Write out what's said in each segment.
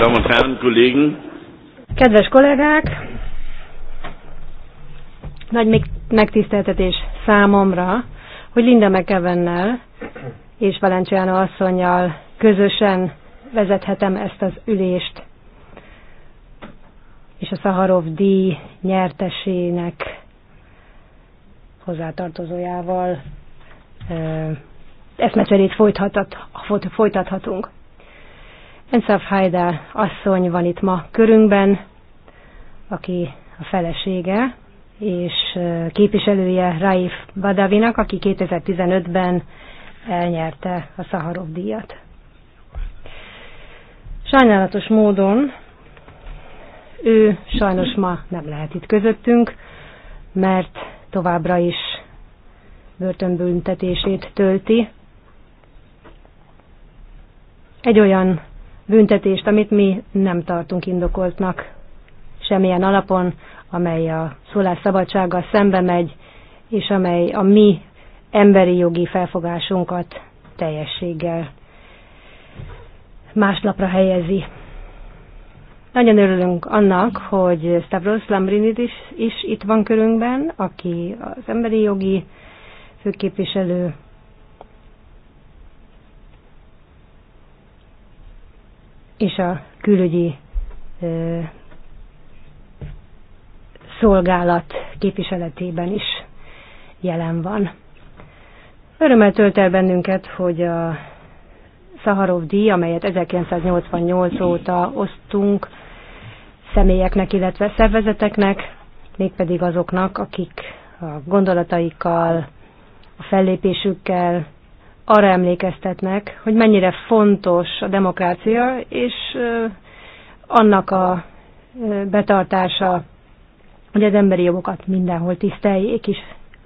Damen und Herren, Kollegen! Kedves kollégák! Nagy megtiszteltetés számomra, hogy Linda McEvennel és Valenciano asszonyjal közösen vezethetem ezt az ülést, és a Szaharov díj nyertesének hozzátartozójával eszmecserét folytathatunk. Enzaf Hajdá asszony van itt ma körünkben, aki a felesége és képviselője Raif Badavinak, aki 2015-ben elnyerte a Szaharov díjat. Sajnálatos módon ő sajnos ma nem lehet itt közöttünk, mert továbbra is börtönbüntetését tölti. Egy olyan büntetést, amit mi nem tartunk indokoltnak semmilyen alapon, amely a szólásszabadsággal szembe megy, és amely a mi emberi jogi felfogásunkat teljességgel másnapra helyezi. Nagyon örülünk annak, hogy Stavros Lambrinid is, is itt van körünkben, aki az emberi jogi főképviselő, és a külügyi szolgálat képviseletében is jelen van. Örömmel tölt el bennünket, hogy a Szaharov díj, amelyet 1988 óta osztunk személyeknek, illetve szervezeteknek, mégpedig azoknak, akik a gondolataikkal, a fellépésükkel, arra emlékeztetnek, hogy mennyire fontos a demokrácia, és annak a betartása, hogy az emberi jogokat mindenhol tiszteljék, és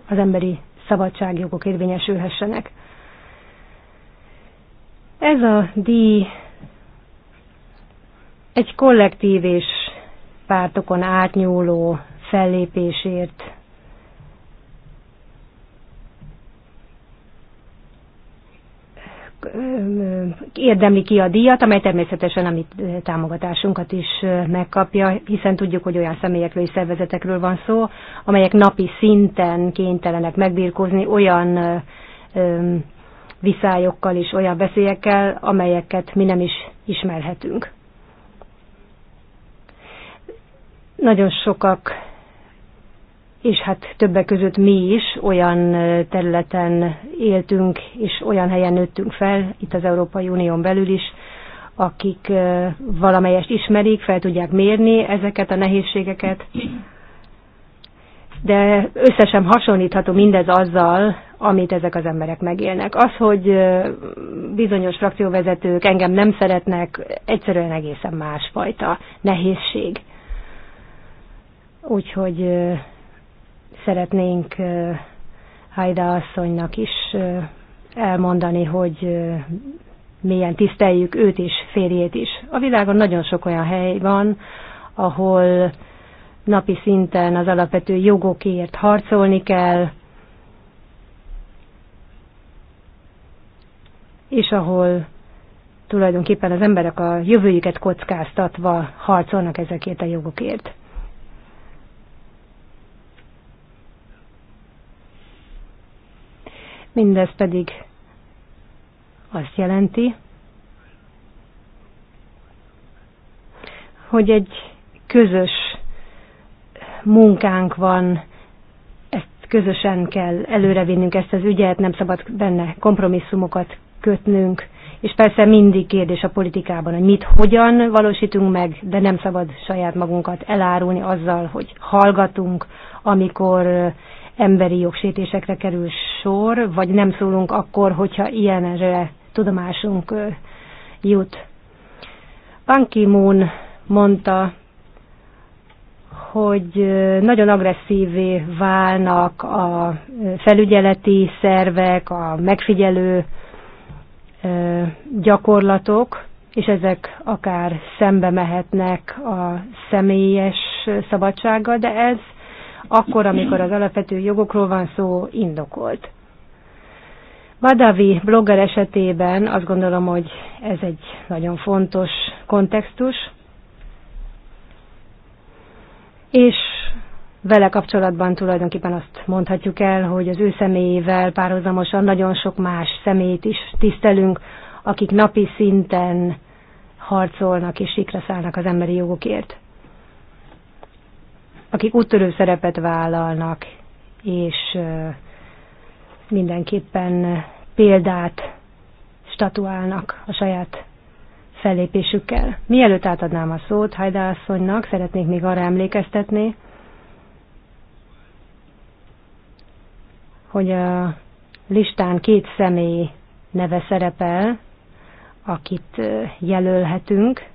az emberi szabadságjogok érvényesülhessenek. Ez a díj egy kollektív és pártokon átnyúló fellépésért érdemli ki a díjat, amely természetesen a mi támogatásunkat is megkapja, hiszen tudjuk, hogy olyan személyekről és szervezetekről van szó, amelyek napi szinten kénytelenek megbírkozni olyan viszályokkal és olyan veszélyekkel, amelyeket mi nem is ismerhetünk. Nagyon sokak és hát többek között mi is olyan területen éltünk, és olyan helyen nőttünk fel, itt az Európai Unión belül is, akik valamelyest ismerik, fel tudják mérni ezeket a nehézségeket, de összesen hasonlítható mindez azzal, amit ezek az emberek megélnek. Az, hogy bizonyos frakcióvezetők engem nem szeretnek, egyszerűen egészen másfajta nehézség. Úgyhogy szeretnénk Hajda asszonynak is elmondani, hogy milyen tiszteljük őt is, férjét is. A világon nagyon sok olyan hely van, ahol napi szinten az alapvető jogokért harcolni kell, és ahol tulajdonképpen az emberek a jövőjüket kockáztatva harcolnak ezekért a jogokért. Mindez pedig azt jelenti, hogy egy közös munkánk van, ezt közösen kell előrevinnünk ezt az ügyet, nem szabad benne kompromisszumokat kötnünk, és persze mindig kérdés a politikában, hogy mit, hogyan valósítunk meg, de nem szabad saját magunkat elárulni azzal, hogy hallgatunk, amikor emberi jogsértésekre kerül sor, vagy nem szólunk akkor, hogyha ilyenre tudomásunk jut. Ban ki mondta, hogy nagyon agresszívé válnak a felügyeleti szervek, a megfigyelő gyakorlatok, és ezek akár szembe mehetnek a személyes szabadsággal, de ez akkor, amikor az alapvető jogokról van szó, indokolt. Badavi blogger esetében azt gondolom, hogy ez egy nagyon fontos kontextus, és vele kapcsolatban tulajdonképpen azt mondhatjuk el, hogy az ő személyével párhuzamosan nagyon sok más személyt is tisztelünk, akik napi szinten harcolnak és sikra szállnak az emberi jogokért akik úttörő szerepet vállalnak, és mindenképpen példát statuálnak a saját fellépésükkel. Mielőtt átadnám a szót Hajda asszonynak, szeretnék még arra emlékeztetni, hogy a listán két személy neve szerepel, akit jelölhetünk,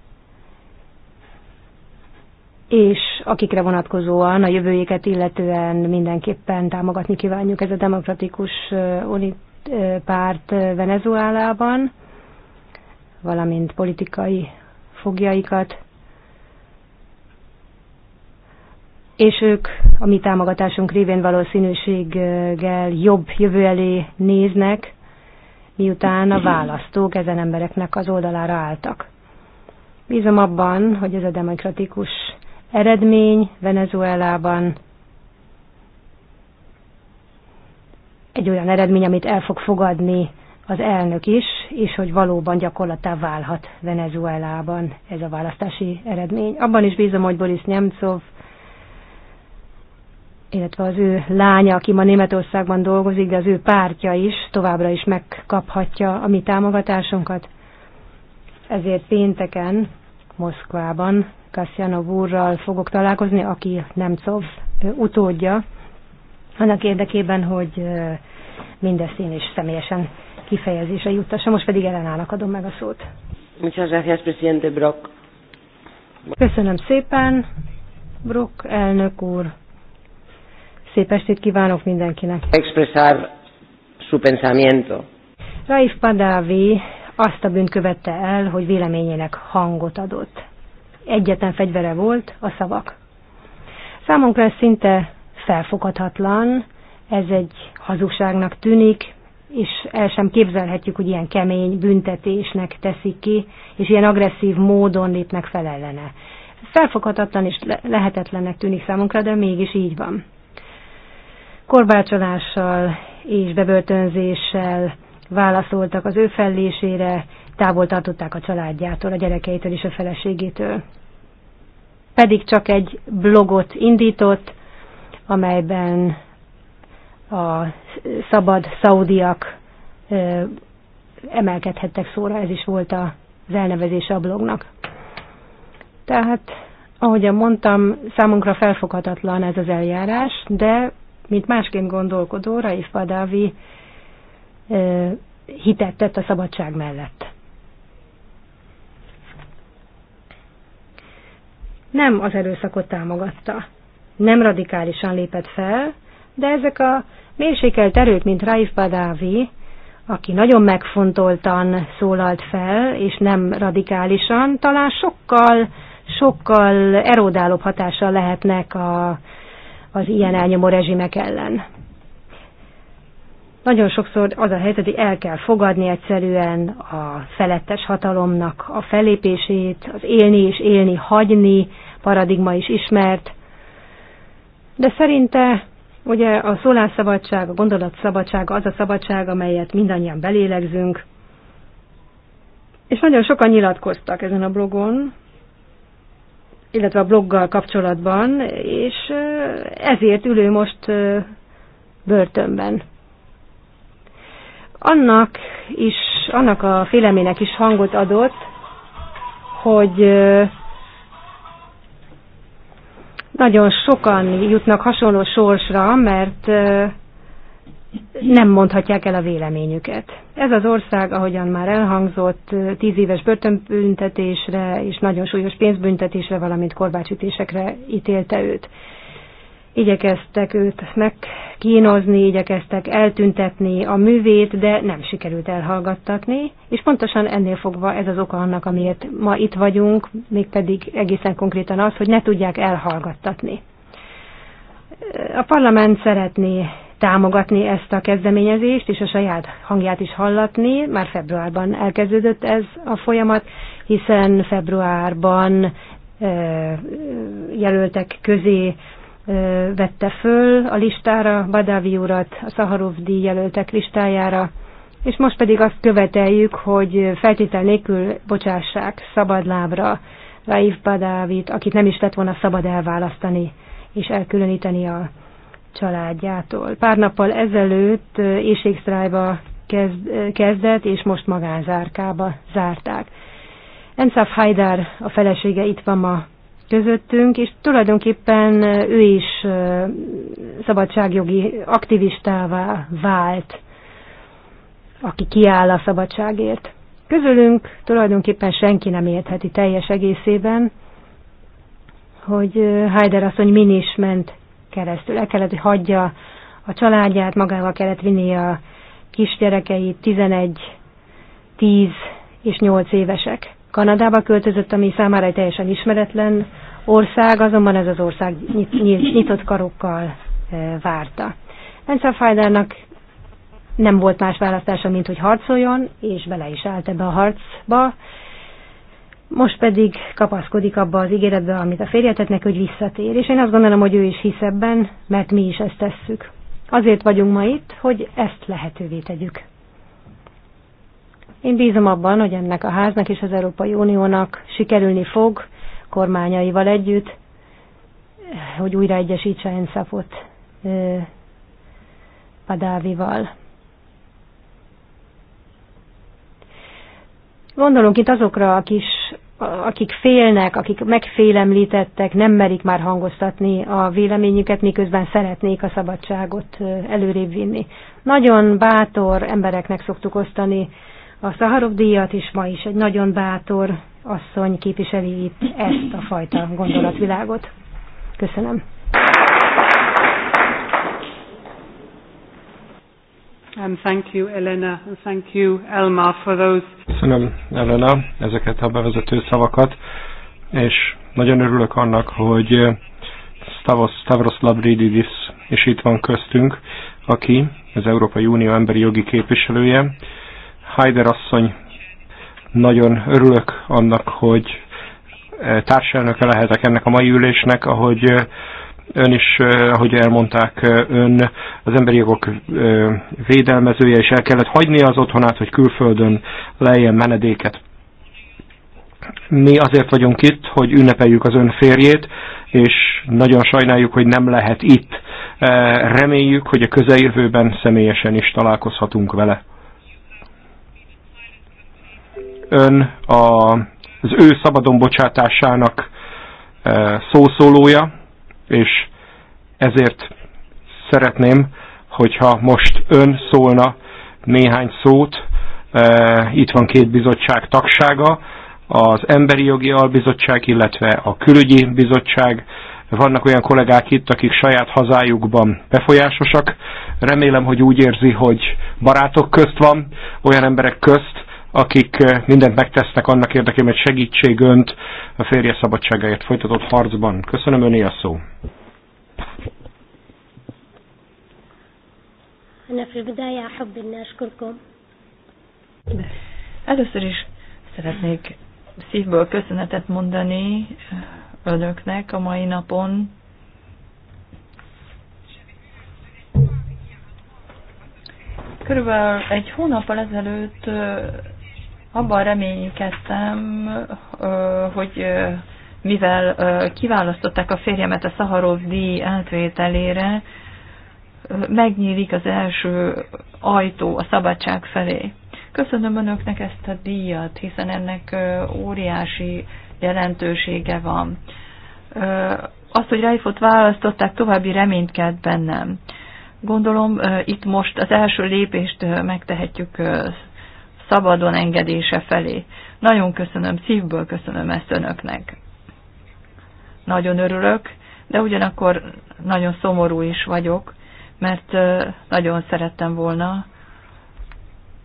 és akikre vonatkozóan a jövőjéket illetően mindenképpen támogatni kívánjuk ez a demokratikus unit párt Venezuelában, valamint politikai fogjaikat és ők a mi támogatásunk révén valószínűséggel jobb jövő elé néznek, miután a választók ezen embereknek az oldalára álltak. Bízom abban, hogy ez a demokratikus eredmény Venezuelában egy olyan eredmény, amit el fog fogadni az elnök is, és hogy valóban gyakorlatá válhat Venezuelában ez a választási eredmény. Abban is bízom, hogy Boris Nemcov, illetve az ő lánya, aki ma Németországban dolgozik, de az ő pártja is továbbra is megkaphatja a mi támogatásunkat. Ezért pénteken Moszkvában. Kasszianov úrral fogok találkozni, aki Nemcov utódja, annak érdekében, hogy mindezt én is személyesen kifejezésre juttassa. Most pedig ellenállnak adom meg a szót. Köszönöm szépen, Brock elnök úr. Szép estét kívánok mindenkinek. Expressar su pensamiento. Raif Padavi azt a bűnt követte el, hogy véleményének hangot adott. Egyetlen fegyvere volt a szavak. Számunkra ez szinte felfoghatatlan, ez egy hazugságnak tűnik, és el sem képzelhetjük, hogy ilyen kemény büntetésnek teszik ki, és ilyen agresszív módon lépnek fel ellene. Felfoghatatlan és lehetetlennek tűnik számunkra, de mégis így van. Korbácsolással és bebörtönzéssel válaszoltak az ő fellésére, távol tartották a családjától, a gyerekeitől és a feleségétől. Pedig csak egy blogot indított, amelyben a szabad szaudiak emelkedhettek szóra, ez is volt az elnevezése a blognak. Tehát, ahogyan mondtam, számunkra felfoghatatlan ez az eljárás, de mint másként gondolkodó, Raif Badavi hitet tett a szabadság mellett. Nem az erőszakot támogatta. Nem radikálisan lépett fel, de ezek a mérsékelt erők, mint Raif Badavi, aki nagyon megfontoltan szólalt fel, és nem radikálisan, talán sokkal, sokkal erodálóbb hatással lehetnek a, az ilyen elnyomó rezsimek ellen. Nagyon sokszor az a helyzet, hogy el kell fogadni egyszerűen a felettes hatalomnak a fellépését, az élni és élni, hagyni paradigma is ismert. De szerinte ugye a szólásszabadság, a gondolatszabadság az a szabadság, amelyet mindannyian belélegzünk, és nagyon sokan nyilatkoztak ezen a blogon, illetve a bloggal kapcsolatban, és ezért ülő most börtönben annak is, annak a félemének is hangot adott, hogy nagyon sokan jutnak hasonló sorsra, mert nem mondhatják el a véleményüket. Ez az ország, ahogyan már elhangzott, tíz éves börtönbüntetésre és nagyon súlyos pénzbüntetésre, valamint korbácsütésekre ítélte őt. Igyekeztek őt meg kínozni, igyekeztek eltüntetni a művét, de nem sikerült elhallgattatni, és pontosan ennél fogva ez az oka annak, amiért ma itt vagyunk, mégpedig egészen konkrétan az, hogy ne tudják elhallgattatni. A parlament szeretné támogatni ezt a kezdeményezést, és a saját hangját is hallatni. Már februárban elkezdődött ez a folyamat, hiszen februárban jelöltek közé vette föl a listára Badavi urat, a Szaharov díjjelöltek listájára, és most pedig azt követeljük, hogy feltétel nélkül bocsássák szabadlábra Raif Badávit, akit nem is lett volna szabad elválasztani és elkülöníteni a családjától. Pár nappal ezelőtt éjségsztrájba kezdett, és most magánzárkába zárták. Ensaf Haidar, a felesége itt van ma közöttünk, és tulajdonképpen ő is szabadságjogi aktivistává vált, aki kiáll a szabadságért. Közülünk tulajdonképpen senki nem értheti teljes egészében, hogy Heider asszony min is ment keresztül. El kellett, hogy hagyja a családját, magával kellett vinni a kisgyerekeit, 11, 10 és 8 évesek. Kanadába költözött, ami számára egy teljesen ismeretlen ország, azonban ez az ország nyitott karokkal várta. Ensel Fajdának nem volt más választása, mint hogy harcoljon, és bele is állt ebbe a harcba. Most pedig kapaszkodik abba az ígéretbe, amit a férje tett neki, hogy visszatér. És én azt gondolom, hogy ő is hisz ebben, mert mi is ezt tesszük. Azért vagyunk ma itt, hogy ezt lehetővé tegyük. Én bízom abban, hogy ennek a háznak és az Európai Uniónak sikerülni fog kormányaival együtt, hogy újra egyesítse Enszafot Padávival. Gondolunk itt azokra, akis, akik félnek, akik megfélemlítettek, nem merik már hangoztatni a véleményüket, miközben szeretnék a szabadságot előrébb vinni. Nagyon bátor embereknek szoktuk osztani a Szaharov díjat is ma is egy nagyon bátor asszony képviseli itt ezt a fajta gondolatvilágot. Köszönöm. And thank you, Elena, and thank you, Elma, for those. Köszönöm, Elena, ezeket a bevezető szavakat, és nagyon örülök annak, hogy Stavros, Stavros Labridis is itt van köztünk, aki az Európai Unió emberi jogi képviselője, Heider asszony, nagyon örülök annak, hogy eh, társelnöke lehetek ennek a mai ülésnek, ahogy eh, ön is, eh, ahogy elmondták, ön az emberi jogok védelmezője, és el kellett hagyni az otthonát, hogy külföldön lejjen menedéket. Mi azért vagyunk itt, hogy ünnepeljük az ön férjét, és nagyon sajnáljuk, hogy nem lehet itt. Reméljük, hogy a közeljövőben személyesen is találkozhatunk vele ön a, az ő szabadon bocsátásának e, szószólója, és ezért szeretném, hogyha most ön szólna néhány szót, e, itt van két bizottság tagsága, az Emberi Jogi Albizottság, illetve a Külügyi Bizottság. Vannak olyan kollégák itt, akik saját hazájukban befolyásosak. Remélem, hogy úgy érzi, hogy barátok közt van, olyan emberek közt, akik eh, mindent megtesznek annak érdekében, hogy segítség önt a férje szabadságáért folytatott harcban. Köszönöm öné a szó. Először is szeretnék szívből köszönetet mondani önöknek a mai napon. Körülbelül egy hónappal ezelőtt abban reménykedtem, hogy mivel kiválasztották a férjemet a Szaharov díj átvételére, megnyílik az első ajtó a szabadság felé. Köszönöm Önöknek ezt a díjat, hiszen ennek óriási jelentősége van. Azt, hogy Reifot választották, további reményt kelt bennem. Gondolom, itt most az első lépést megtehetjük szabadon engedése felé. Nagyon köszönöm, szívből köszönöm ezt önöknek. Nagyon örülök, de ugyanakkor nagyon szomorú is vagyok, mert nagyon szerettem volna,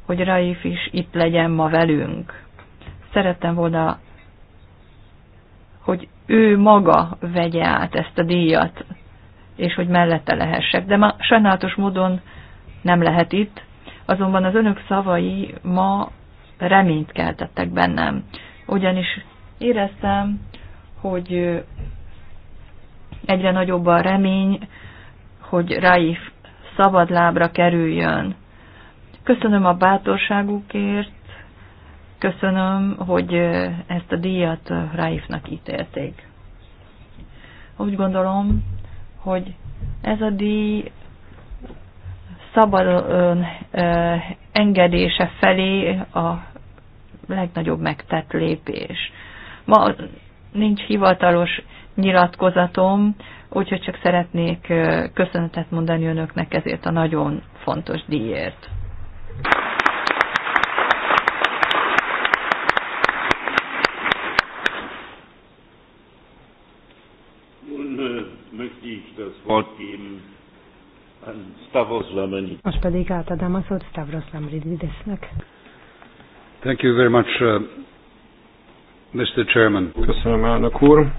hogy Raif is itt legyen ma velünk. Szerettem volna, hogy ő maga vegye át ezt a díjat, és hogy mellette lehessek, de ma sajnálatos módon nem lehet itt, azonban az önök szavai ma reményt keltettek bennem, ugyanis éreztem, hogy egyre nagyobb a remény, hogy Raif szabad lábra kerüljön. Köszönöm a bátorságukért, köszönöm, hogy ezt a díjat Raifnak ítélték. Úgy gondolom, hogy ez a díj szabadon engedése felé a legnagyobb megtett lépés. Ma nincs hivatalos nyilatkozatom, úgyhogy csak szeretnék köszönetet mondani önöknek ezért a nagyon fontos díjért. Nun äh, möchte ich das Wort geben Stavros Lamenidis. Most pedig átadám a szót Stavros Lamenidisnek. Thank you very much, uh, Mr. Chairman. Köszönöm, elnök úr.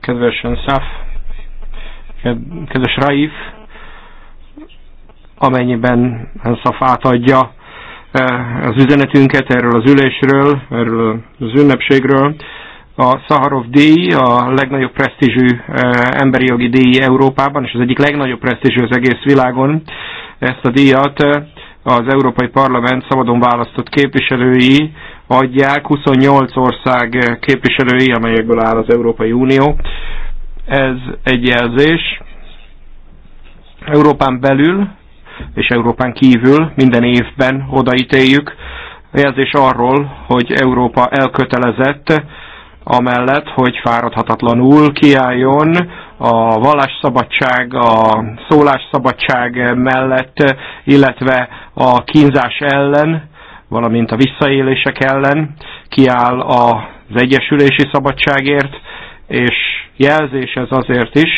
Kedves Saf, kedves Raif, amennyiben Saf átadja uh, az üzenetünket erről az ülésről, erről az ünnepségről, a Szaharov díj a legnagyobb presztízsű eh, emberi jogi díj Európában, és az egyik legnagyobb presztízsű az egész világon. Ezt a díjat eh, az Európai Parlament szabadon választott képviselői adják, 28 ország eh, képviselői, amelyekből áll az Európai Unió. Ez egy jelzés. Európán belül és Európán kívül minden évben odaítéljük a jelzés arról, hogy Európa elkötelezett amellett, hogy fáradhatatlanul kiálljon a vallásszabadság, a szólásszabadság mellett, illetve a kínzás ellen, valamint a visszaélések ellen, kiáll az egyesülési szabadságért, és jelzés ez azért is,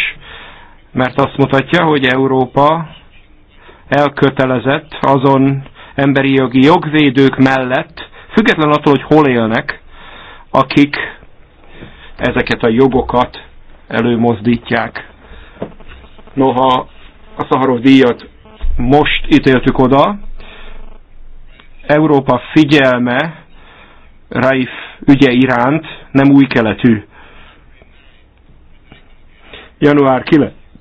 mert azt mutatja, hogy Európa elkötelezett azon emberi jogi jogvédők mellett, független attól, hogy hol élnek, akik ezeket a jogokat előmozdítják. Noha a Szaharov díjat most ítéltük oda, Európa figyelme Raif ügye iránt nem új keletű. Január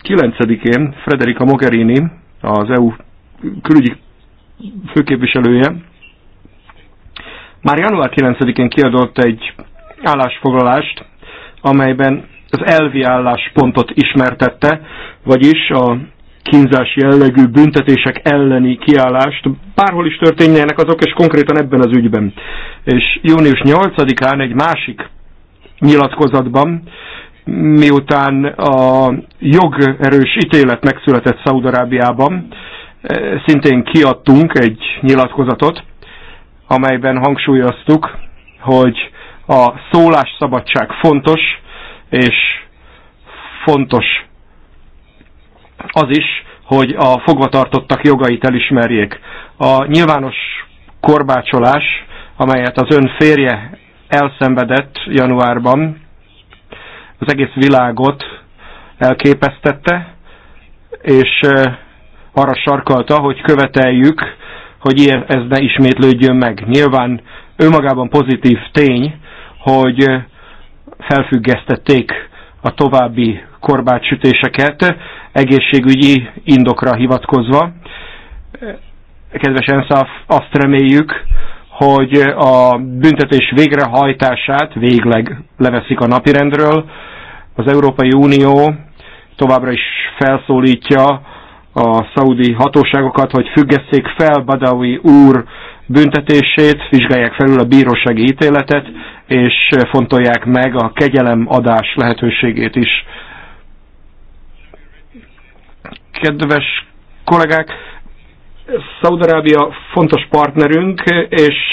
9-én Frederica Mogherini, az EU külügyi főképviselője, már január 9-én kiadott egy állásfoglalást, amelyben az elvi álláspontot ismertette, vagyis a kínzás jellegű büntetések elleni kiállást, bárhol is történjenek azok, és konkrétan ebben az ügyben. És június 8-án egy másik nyilatkozatban, miután a jogerős ítélet megszületett Szaudarábiában, eh, szintén kiadtunk egy nyilatkozatot, amelyben hangsúlyoztuk, hogy a szólásszabadság fontos, és fontos az is, hogy a fogvatartottak jogait elismerjék. A nyilvános korbácsolás, amelyet az ön férje elszenvedett januárban, az egész világot elképesztette, és arra sarkalta, hogy követeljük, hogy ilyen, ez ne ismétlődjön meg. Nyilván önmagában pozitív tény, hogy eh, felfüggesztették a további korbácsütéseket egészségügyi indokra hivatkozva. Eh, kedves Enszaf, azt reméljük, hogy eh, a büntetés végrehajtását végleg leveszik a napirendről. Az Európai Unió továbbra is felszólítja a szaudi hatóságokat, hogy függesszék fel Badawi úr büntetését, vizsgálják felül a bírósági ítéletet, és fontolják meg a kegyelem adás lehetőségét is. Kedves kollégák, Szaudarábia fontos partnerünk, és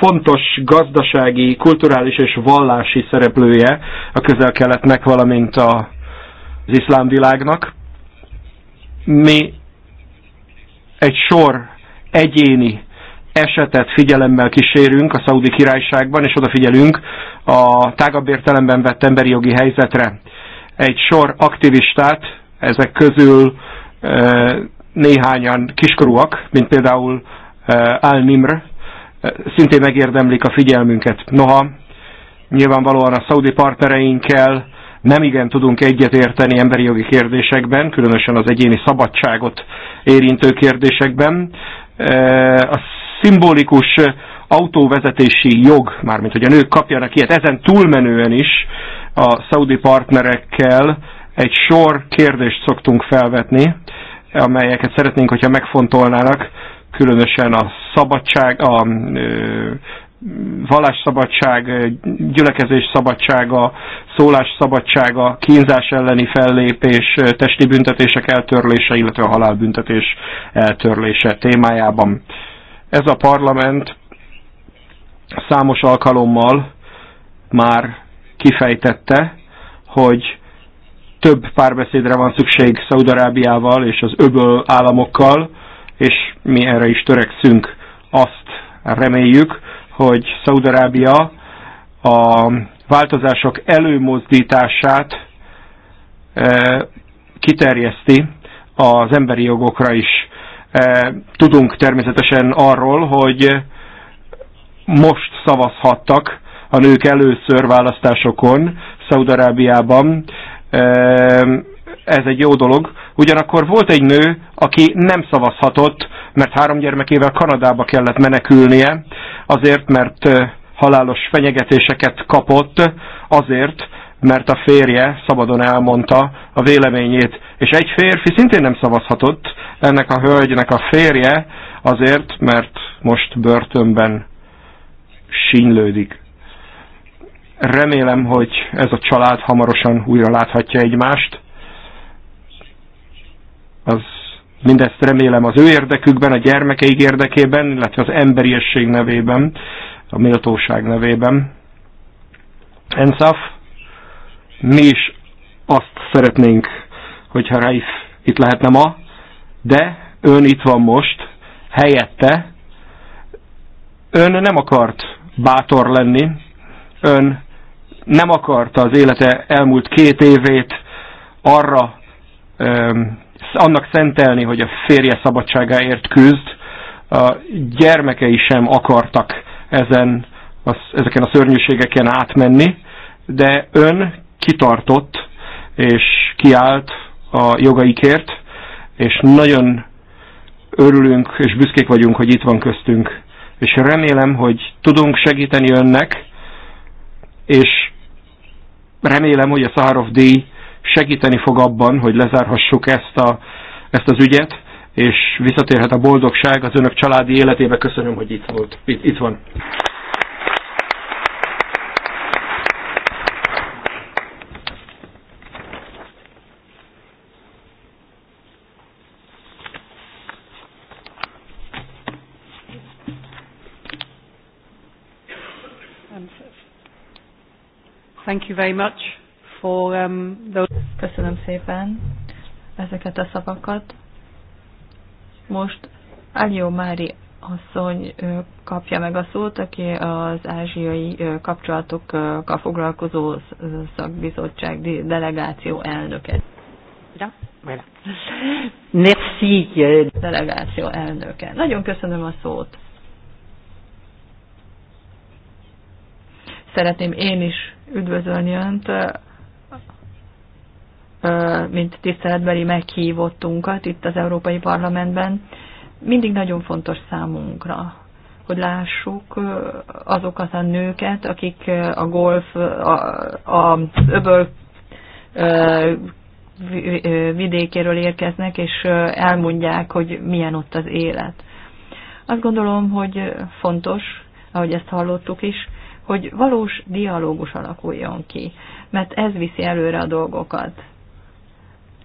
fontos gazdasági, kulturális és vallási szereplője a közel-keletnek, valamint a, az iszlám világnak. Mi egy sor egyéni esetet figyelemmel kísérünk a Szaudi Királyságban, és odafigyelünk a tágabb értelemben vett emberi jogi helyzetre. Egy sor aktivistát, ezek közül néhányan kiskorúak, mint például Al-Nimr, szintén megérdemlik a figyelmünket. Noha, nyilvánvalóan a szaudi partnereinkkel nem igen tudunk egyetérteni emberi jogi kérdésekben, különösen az egyéni szabadságot érintő kérdésekben. A szimbolikus eh, autóvezetési jog, mármint hogy a nők kapjanak ilyet, ezen túlmenően is a szaudi partnerekkel egy sor kérdést szoktunk felvetni, amelyeket szeretnénk, hogyha megfontolnának, különösen a szabadság, a eh, vallásszabadság, eh, gyülekezés szabadsága, szólás szabadsága, kínzás elleni fellépés, testi büntetések eltörlése, illetve a halálbüntetés eltörlése témájában. Ez a parlament számos alkalommal már kifejtette, hogy több párbeszédre van szükség Szaudarábiával és az öböl államokkal, és mi erre is törekszünk. Azt reméljük, hogy Szaudarábia a változások előmozdítását eh, kiterjeszti az emberi jogokra is. Eh, tudunk természetesen arról, hogy most szavazhattak a nők először választásokon Szaudarábiában. Eh, ez egy jó dolog. Ugyanakkor volt egy nő, aki nem szavazhatott, mert három gyermekével Kanadába kellett menekülnie, azért, mert eh, halálos fenyegetéseket kapott, azért, mert a férje szabadon elmondta a véleményét. És egy férfi szintén nem szavazhatott, ennek a hölgynek a férje azért, mert most börtönben sínylődik. Remélem, hogy ez a család hamarosan újra láthatja egymást. Az mindezt remélem az ő érdekükben, a gyermekeik érdekében, illetve az emberiesség nevében, a méltóság nevében. Enzaf. Mi is azt szeretnénk, hogyha Raif itt lehetne ma, de ön itt van most, helyette. Ön nem akart bátor lenni, ön nem akarta az élete elmúlt két évét arra öm, annak szentelni, hogy a férje szabadságáért küzd. A gyermekei sem akartak ezen, az, ezeken a szörnyűségeken átmenni, de ön kitartott és kiállt a jogaikért, és nagyon örülünk és büszkék vagyunk, hogy itt van köztünk. És remélem, hogy tudunk segíteni önnek, és remélem, hogy a Szaharov díj segíteni fog abban, hogy lezárhassuk ezt, a, ezt az ügyet, és visszatérhet a boldogság az önök családi életébe. Köszönöm, hogy itt, volt, itt, itt van. Thank you very much for um, those. Köszönöm szépen ezeket a szavakat. Most Alió Mári asszony kapja meg a szót, aki az ázsiai kapcsolatokkal foglalkozó szakbizottság delegáció elnöke. Ja, Merci. Delegáció elnöke. Nagyon köszönöm a szót. szeretném én is üdvözölni Önt, mint tiszteletbeli meghívottunkat itt az Európai Parlamentben. Mindig nagyon fontos számunkra, hogy lássuk azokat a nőket, akik a golf, a öböl vidékéről érkeznek, és elmondják, hogy milyen ott az élet. Azt gondolom, hogy fontos, ahogy ezt hallottuk is, hogy valós dialógus alakuljon ki, mert ez viszi előre a dolgokat.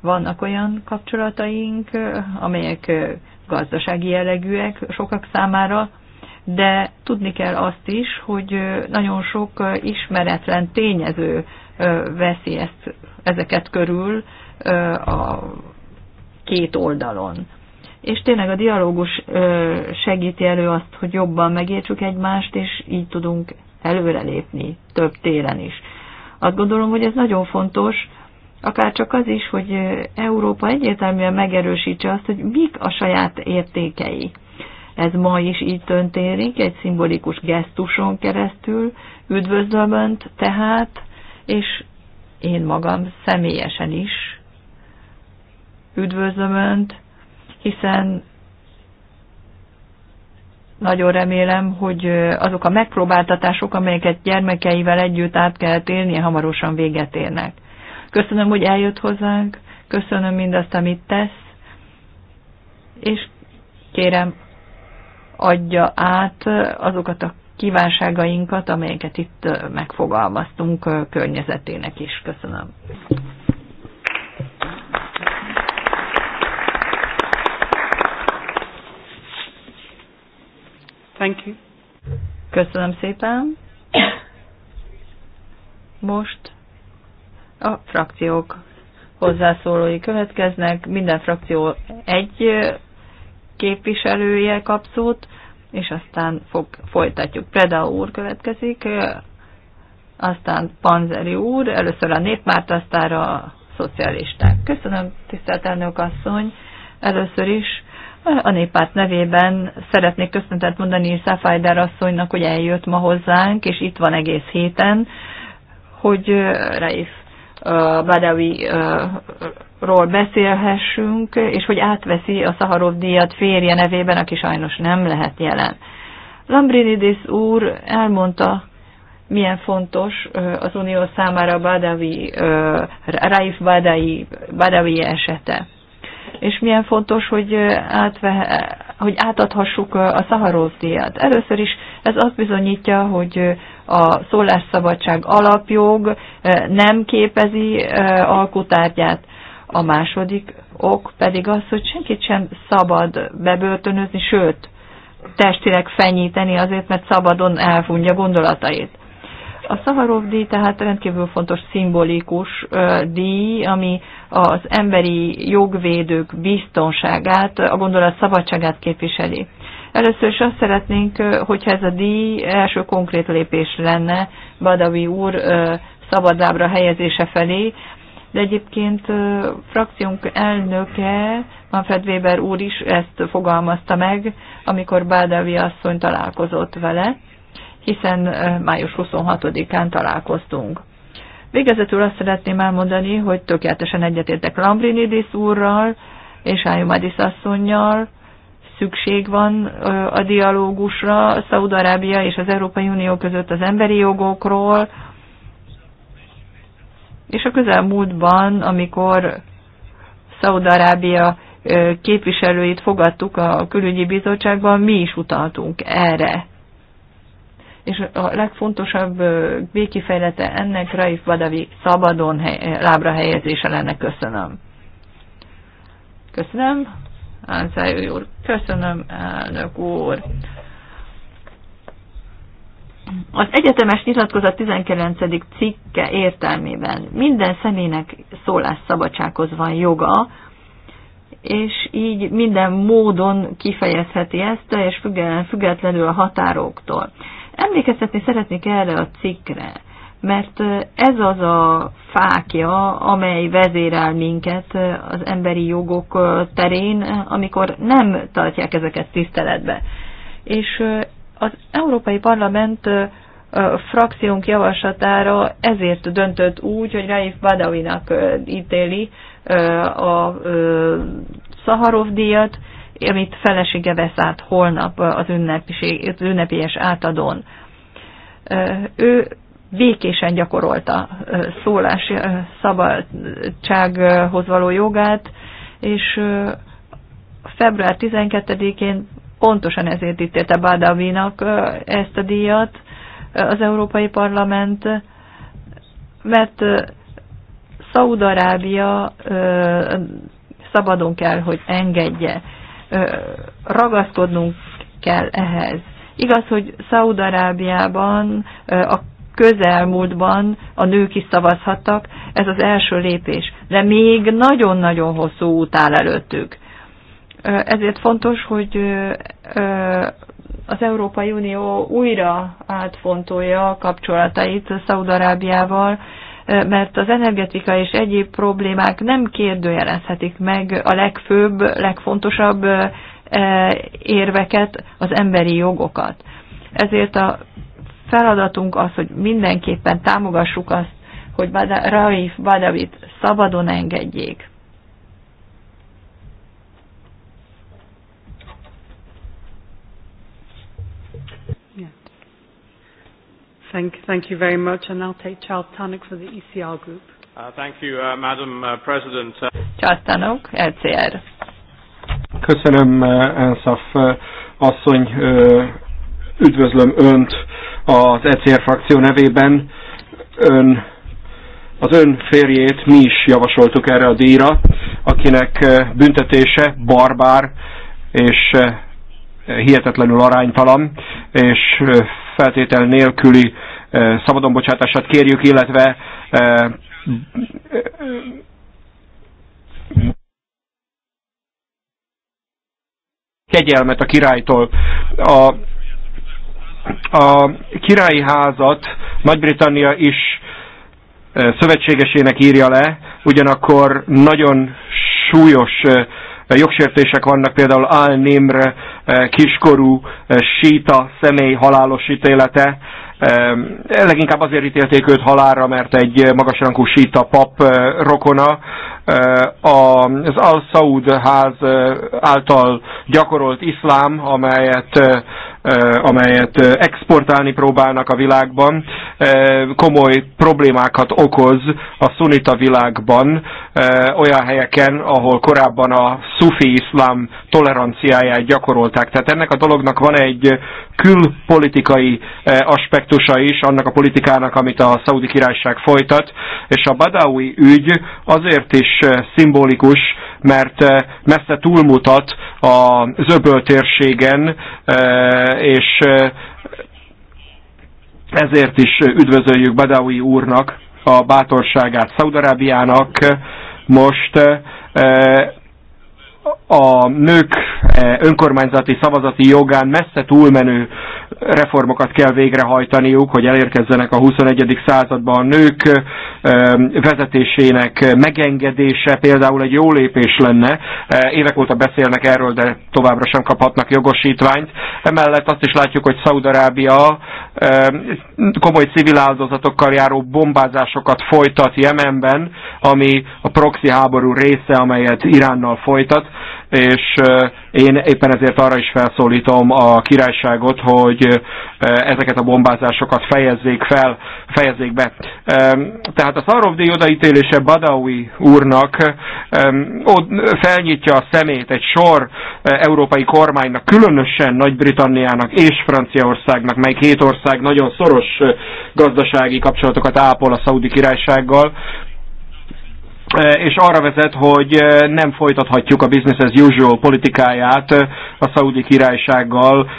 Vannak olyan kapcsolataink, amelyek gazdasági jellegűek sokak számára, de tudni kell azt is, hogy nagyon sok ismeretlen tényező veszi ezt, ezeket körül a két oldalon. És tényleg a dialógus segíti elő azt, hogy jobban megértsük egymást, és így tudunk előrelépni több téren is. Azt gondolom, hogy ez nagyon fontos, akár csak az is, hogy Európa egyértelműen megerősítse azt, hogy mik a saját értékei. Ez ma is így történik, egy szimbolikus gesztuson keresztül. Üdvözlöm Önt tehát, és én magam személyesen is üdvözlöm Önt, hiszen nagyon remélem, hogy azok a megpróbáltatások, amelyeket gyermekeivel együtt át kell élnie, hamarosan véget érnek. Köszönöm, hogy eljött hozzánk, köszönöm mindazt, amit tesz, és kérem, adja át azokat a kívánságainkat, amelyeket itt megfogalmaztunk környezetének is. Köszönöm. Thank you. Köszönöm szépen. Most a frakciók hozzászólói következnek. Minden frakció egy képviselője kap szót, és aztán fog, folytatjuk. Preda úr következik, aztán Panzeri úr, először a néppárt, aztán a szocialisták. Köszönöm, tisztelt elnök asszony. Először is a néppárt nevében szeretnék köszöntet mondani Száfájdár asszonynak, hogy eljött ma hozzánk, és itt van egész héten, hogy Raif Badawi-ról beszélhessünk, és hogy átveszi a Szaharov díjat férje nevében, aki sajnos nem lehet jelen. Lambrinidis úr elmondta, milyen fontos az Unió számára Badawi, Raif Badawi, Badawi esete és milyen fontos, hogy, átve, hogy átadhassuk a Szaharov díjat. Először is ez azt bizonyítja, hogy a szólásszabadság alapjog nem képezi alkutárgyát. A második ok pedig az, hogy senkit sem szabad bebörtönözni, sőt, testileg fenyíteni azért, mert szabadon elfundja gondolatait. A Szaharov díj tehát rendkívül fontos szimbolikus díj, ami az emberi jogvédők biztonságát, a gondolat szabadságát képviseli. Először is azt szeretnénk, hogyha ez a díj első konkrét lépés lenne Badawi úr szabadlábra helyezése felé, de egyébként frakciónk elnöke, Manfred Weber úr is ezt fogalmazta meg, amikor Bádavi asszony találkozott vele hiszen május 26-án találkoztunk. Végezetül azt szeretném elmondani, hogy tökéletesen egyetértek Lambrinidis úrral és Ájumadis asszonynal, szükség van a dialógusra Szaúd-Arábia és az Európai Unió között az emberi jogokról, és a közelmúltban, amikor Szaúd-Arábia képviselőit fogadtuk a külügyi bizottságban, mi is utaltunk erre és a legfontosabb végkifejlete ennek Raif Badavi szabadon hely, lábra helyezése lenne. Köszönöm. Köszönöm, Ánszály úr. Köszönöm, elnök úr. Az egyetemes nyilatkozat 19. cikke értelmében minden személynek szólásszabadsághoz van joga, és így minden módon kifejezheti ezt, és függetlenül a határoktól. Emlékeztetni szeretnék erre a cikkre, mert ez az a fákja, amely vezérel minket az emberi jogok terén, amikor nem tartják ezeket tiszteletbe. És az Európai Parlament frakciónk javaslatára ezért döntött úgy, hogy Raif Badawinak ítéli a Szaharov díjat, amit felesége vesz át holnap az, az ünnepélyes átadón. Ő békésen gyakorolta szólás szabadsághoz való jogát, és február 12-én pontosan ezért ítélte Bádavinak ezt a díjat az Európai Parlament, mert Szaúd-Arábia szabadon kell, hogy engedje ragaszkodnunk kell ehhez. Igaz, hogy Szaúd-Arábiában a közelmúltban a nők is szavazhattak, ez az első lépés, de még nagyon-nagyon hosszú út áll előttük. Ezért fontos, hogy az Európai Unió újra átfontolja a kapcsolatait Szaúd-Arábiával, mert az energetika és egyéb problémák nem kérdőjelezhetik meg a legfőbb, legfontosabb érveket, az emberi jogokat. Ezért a feladatunk az, hogy mindenképpen támogassuk azt, hogy Raif Badavit szabadon engedjék. Thank, thank you very much, and I'll take Charles Tannock for the ECR group. Uh, thank you, uh, Madam uh, President. Uh, Charles Tannock, ECR. Köszönöm, uh, Ensaf uh, asszony, uh, üdvözlöm Önt az ECR frakció nevében. Ön, az Ön férjét mi is javasoltuk erre a díjra, akinek uh, büntetése barbár és uh, hihetetlenül aránytalan, és feltétel nélküli szabadonbocsátását kérjük, illetve kegyelmet a királytól. A, a királyi házat Nagy-Britannia is szövetségesének írja le, ugyanakkor nagyon súlyos jogsértések vannak, például Al Némre eh, kiskorú eh, síta személy halálos ítélete, eh, leginkább azért ítélték őt halálra, mert egy magasrankú síta pap rokona Eh, az Al-Saud ház eh, által gyakorolt iszlám, amelyet, eh, amelyet exportálni próbálnak a világban, komoly problémákat okoz a szunita világban, olyan helyeken, ahol korábban a szufi iszlám toleranciáját gyakorolták. Tehát ennek a dolognak van egy külpolitikai aspektusa is, annak a politikának, amit a szaudi királyság folytat, és a Badawi ügy azért is is eh, szimbolikus, mert eh, messze túlmutat az öböl térségen, eh, és ezért is üdvözöljük Badawi úrnak a bátorságát Szaudarábiának. Most a nők önkormányzati szavazati jogán messze túlmenő reformokat kell végrehajtaniuk, hogy elérkezzenek a 21. században a nők ehm, vezetésének megengedése, például egy jó lépés lenne. E, évek óta beszélnek erről, de továbbra sem kaphatnak jogosítványt. Emellett azt is látjuk, hogy Szaudarábia ehm, komoly civil áldozatokkal járó bombázásokat folytat Jemenben, ami a proxy háború része, amelyet Iránnal folytat és én éppen ezért arra is felszólítom a királyságot, hogy ezeket a bombázásokat fejezzék fel, fejezzék be. Tehát a Szarovdi odaítélése Badawi úrnak felnyitja a szemét egy sor európai kormánynak, különösen Nagy-Britanniának és Franciaországnak, mely két ország nagyon szoros gazdasági kapcsolatokat ápol a Szaudi királysággal, Eh, és arra vezet, hogy eh, nem folytathatjuk a business as usual politikáját eh, a szaudi királysággal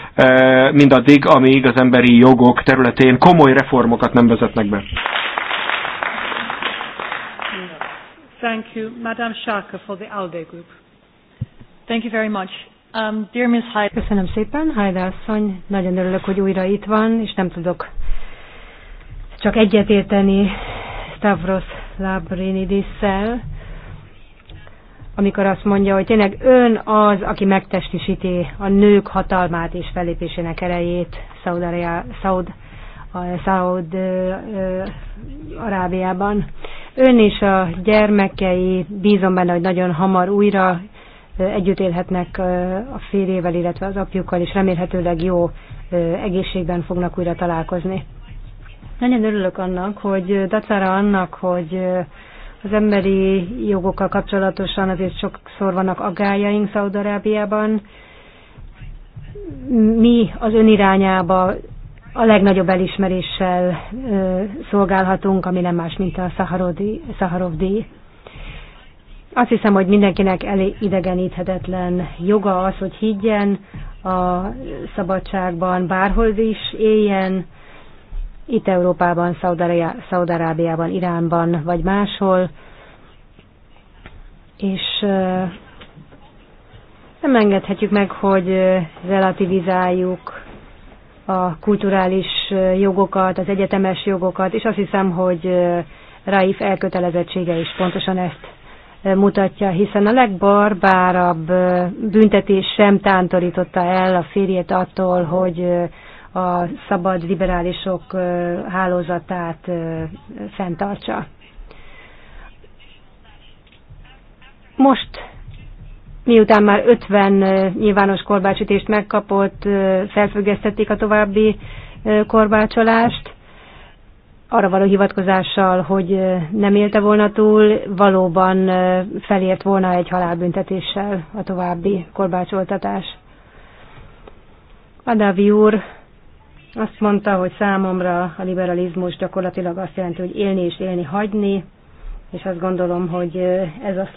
mindaddig, amíg az emberi jogok területén komoly reformokat nem vezetnek be. Thank you, Madam Sharka, for the ALDE group. Thank you very much. Um, dear Ms. Hyde. Köszönöm szépen, Hyde asszony. Nagyon örülök, hogy újra itt van, és nem tudok csak egyetérteni Stavros labrinidis amikor azt mondja, hogy tényleg ön az, aki megtestisíti a nők hatalmát és felépésének erejét Szaud Arábiában. Ön és a gyermekei bízom benne, hogy nagyon hamar újra együtt élhetnek a férjével, illetve az apjukkal, és remélhetőleg jó egészségben fognak újra találkozni. Nagyon örülök annak, hogy dacára annak, hogy az emberi jogokkal kapcsolatosan azért sokszor vannak agályaink Szaudarábiában. Mi az ön irányába a legnagyobb elismeréssel szolgálhatunk, ami nem más, mint a Szaharov díj. Azt hiszem, hogy mindenkinek elé idegeníthetetlen joga az, hogy higgyen a szabadságban, bárhol is éljen, itt Európában, Szaudarábiában, Iránban vagy máshol, és nem engedhetjük meg, hogy relativizáljuk a kulturális jogokat, az egyetemes jogokat, és azt hiszem, hogy Raif elkötelezettsége is pontosan ezt mutatja, hiszen a legbarbárabb büntetés sem tántorította el a férjét attól, hogy a szabad liberálisok hálózatát fenntartsa. Most, miután már 50 nyilvános korbácsütést megkapott, felfüggesztették a további korbácsolást, arra való hivatkozással, hogy nem élte volna túl, valóban felért volna egy halálbüntetéssel a további korbácsoltatás. Adávi úr azt mondta, hogy számomra a liberalizmus gyakorlatilag azt jelenti, hogy élni és élni hagyni, és azt gondolom, hogy ez a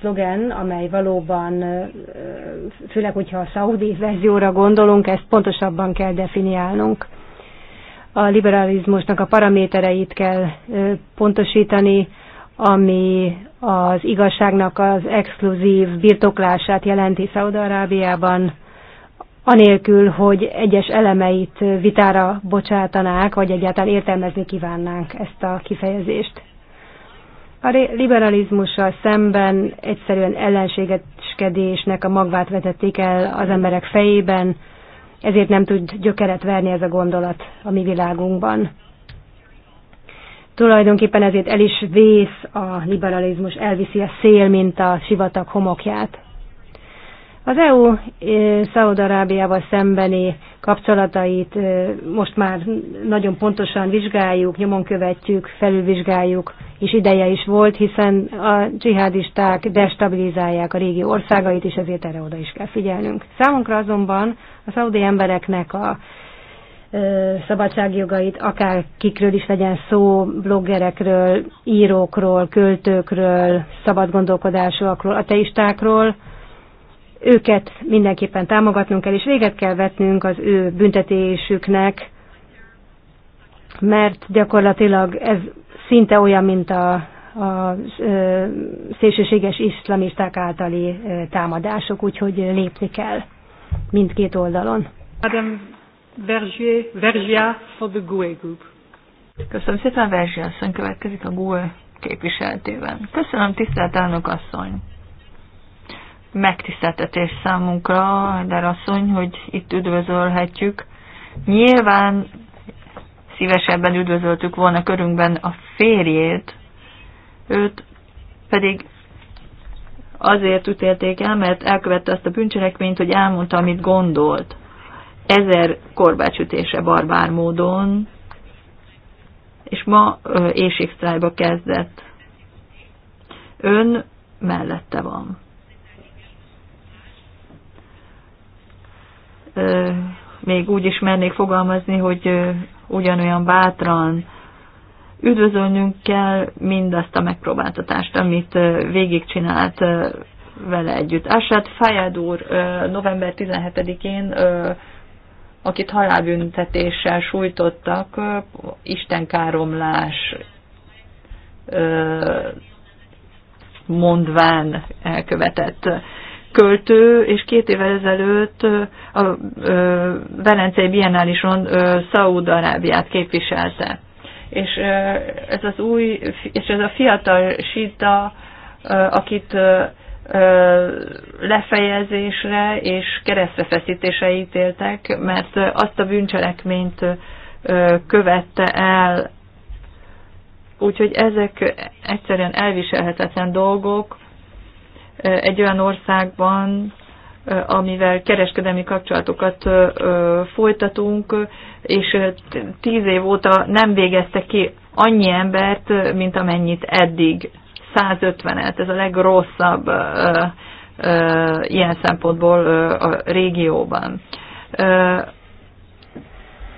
szlogen, amely valóban, főleg, hogyha a szaudi verzióra gondolunk, ezt pontosabban kell definiálnunk. A liberalizmusnak a paramétereit kell pontosítani, ami az igazságnak az exkluzív birtoklását jelenti Szaudarábiában, anélkül, hogy egyes elemeit vitára bocsátanák, vagy egyáltalán értelmezni kívánnánk ezt a kifejezést. A liberalizmussal szemben egyszerűen ellenségeskedésnek a magvát vetették el az emberek fejében, ezért nem tud gyökeret verni ez a gondolat a mi világunkban. Tulajdonképpen ezért el is vész a liberalizmus, elviszi a szél, mint a sivatag homokját. Az EU Szaudarábiával szembeni kapcsolatait most már nagyon pontosan vizsgáljuk, nyomon követjük, felülvizsgáljuk, és ideje is volt, hiszen a dzsihadisták destabilizálják a régi országait, és ezért erre oda is kell figyelnünk. Számunkra azonban a szaudi embereknek a szabadságjogait, akár kikről is legyen szó, bloggerekről, írókról, költőkről, szabadgondolkodásúakról, ateistákról, őket mindenképpen támogatnunk kell, és véget kell vetnünk az ő büntetésüknek, mert gyakorlatilag ez szinte olyan, mint a, a szélsőséges iszlamisták általi támadások, úgyhogy lépni kell mindkét oldalon. Adam Vergier, Vergia for the GUE Group. Köszönöm szépen, Vergia asszony következik a GUE képviseltében. Köszönöm, tisztelt elnök asszony! megtiszteltetés számunkra, de asszony, hogy itt üdvözölhetjük. Nyilván szívesebben üdvözöltük volna körünkben a férjét, őt pedig azért ütélték el, mert elkövette azt a bűncselekményt, hogy elmondta, amit gondolt. Ezer korbácsütése barbár módon, és ma éjségsztrájba kezdett. Ön mellette van. még úgy is mernék fogalmazni, hogy ugyanolyan bátran üdvözölnünk kell mindazt a megpróbáltatást, amit végigcsinált vele együtt. Asad Fayad úr november 17-én, akit halálbüntetéssel sújtottak, istenkáromlás mondván elkövetett költő, és két évvel ezelőtt a Velencei Biennálison Szaúd-Arábiát képviselte. És ez az új, és ez a fiatal sita, akit lefejezésre és keresztrefeszítésre ítéltek, mert azt a bűncselekményt követte el. Úgyhogy ezek egyszerűen elviselhetetlen dolgok, egy olyan országban, amivel kereskedelmi kapcsolatokat folytatunk, és tíz év óta nem végezte ki annyi embert, mint amennyit eddig. 150-et, ez a legrosszabb ilyen szempontból a régióban.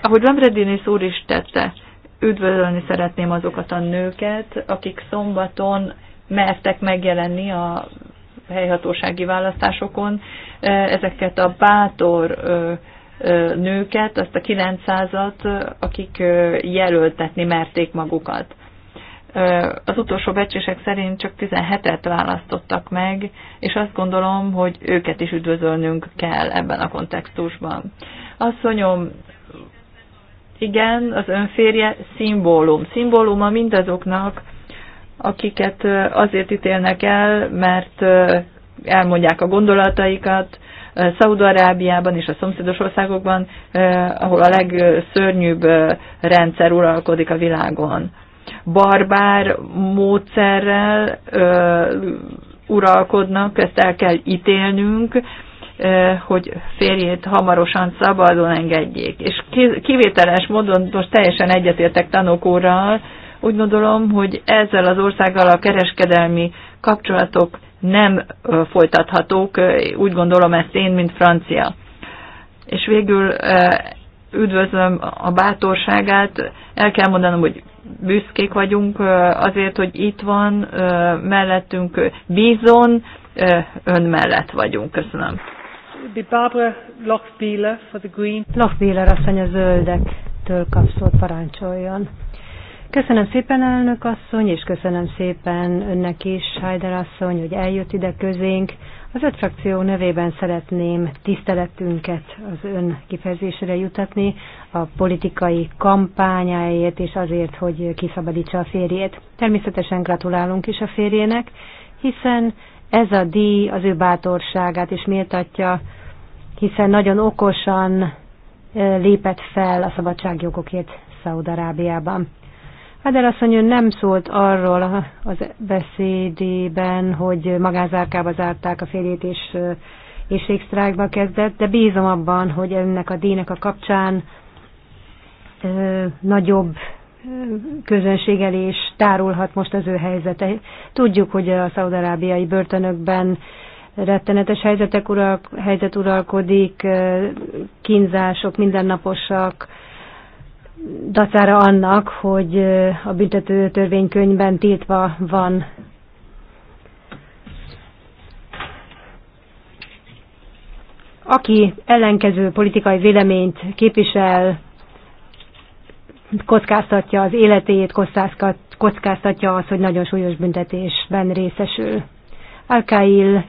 Ahogy Lambredinis úr is tette, üdvözölni szeretném azokat a nőket, akik szombaton mertek megjelenni a helyhatósági választásokon ezeket a bátor nőket, azt a 900-at, akik jelöltetni merték magukat. Az utolsó becsések szerint csak 17-et választottak meg, és azt gondolom, hogy őket is üdvözölnünk kell ebben a kontextusban. Asszonyom, igen, az önférje szimbólum. Szimbóluma mindazoknak, akiket azért ítélnek el, mert elmondják a gondolataikat, Szaudarábiában és a szomszédos országokban, ahol a legszörnyűbb rendszer uralkodik a világon. Barbár módszerrel uralkodnak, ezt el kell ítélnünk, hogy férjét hamarosan szabadon engedjék. És kivételes módon most teljesen egyetértek tanokórral, úgy gondolom, hogy ezzel az országgal a kereskedelmi kapcsolatok nem folytathatók, úgy gondolom ezt én, mint francia. És végül üdvözlöm a bátorságát, el kell mondanom, hogy büszkék vagyunk azért, hogy itt van mellettünk, bízon, ön mellett vagyunk. Köszönöm. Barbara Lochbieler asszony a zöldektől kapszott parancsoljon. Köszönöm szépen, elnök asszony, és köszönöm szépen önnek is, Heider asszony, hogy eljött ide közénk. Az öt frakció nevében szeretném tiszteletünket az ön kifejezésére jutatni a politikai kampányáért és azért, hogy kiszabadítsa a férjét. Természetesen gratulálunk is a férjének, hiszen ez a díj az ő bátorságát is méltatja, hiszen nagyon okosan eh, lépett fel a szabadságjogokért Szaúd-Arábiában. Adel asszony nem szólt arról az beszédében, hogy magánzárkába zárták a férjét és éjségsztrájkba kezdett, de bízom abban, hogy ennek a dének a kapcsán ö, nagyobb közönségelés tárulhat most az ő helyzete. Tudjuk, hogy a szaudarábiai börtönökben rettenetes helyzetek ural, helyzet uralkodik, kínzások mindennaposak, dacára annak, hogy a büntető törvénykönyvben tiltva van aki ellenkező politikai véleményt képvisel, kockáztatja az életét, kockáztatja az, hogy nagyon súlyos büntetésben részesül. Alkail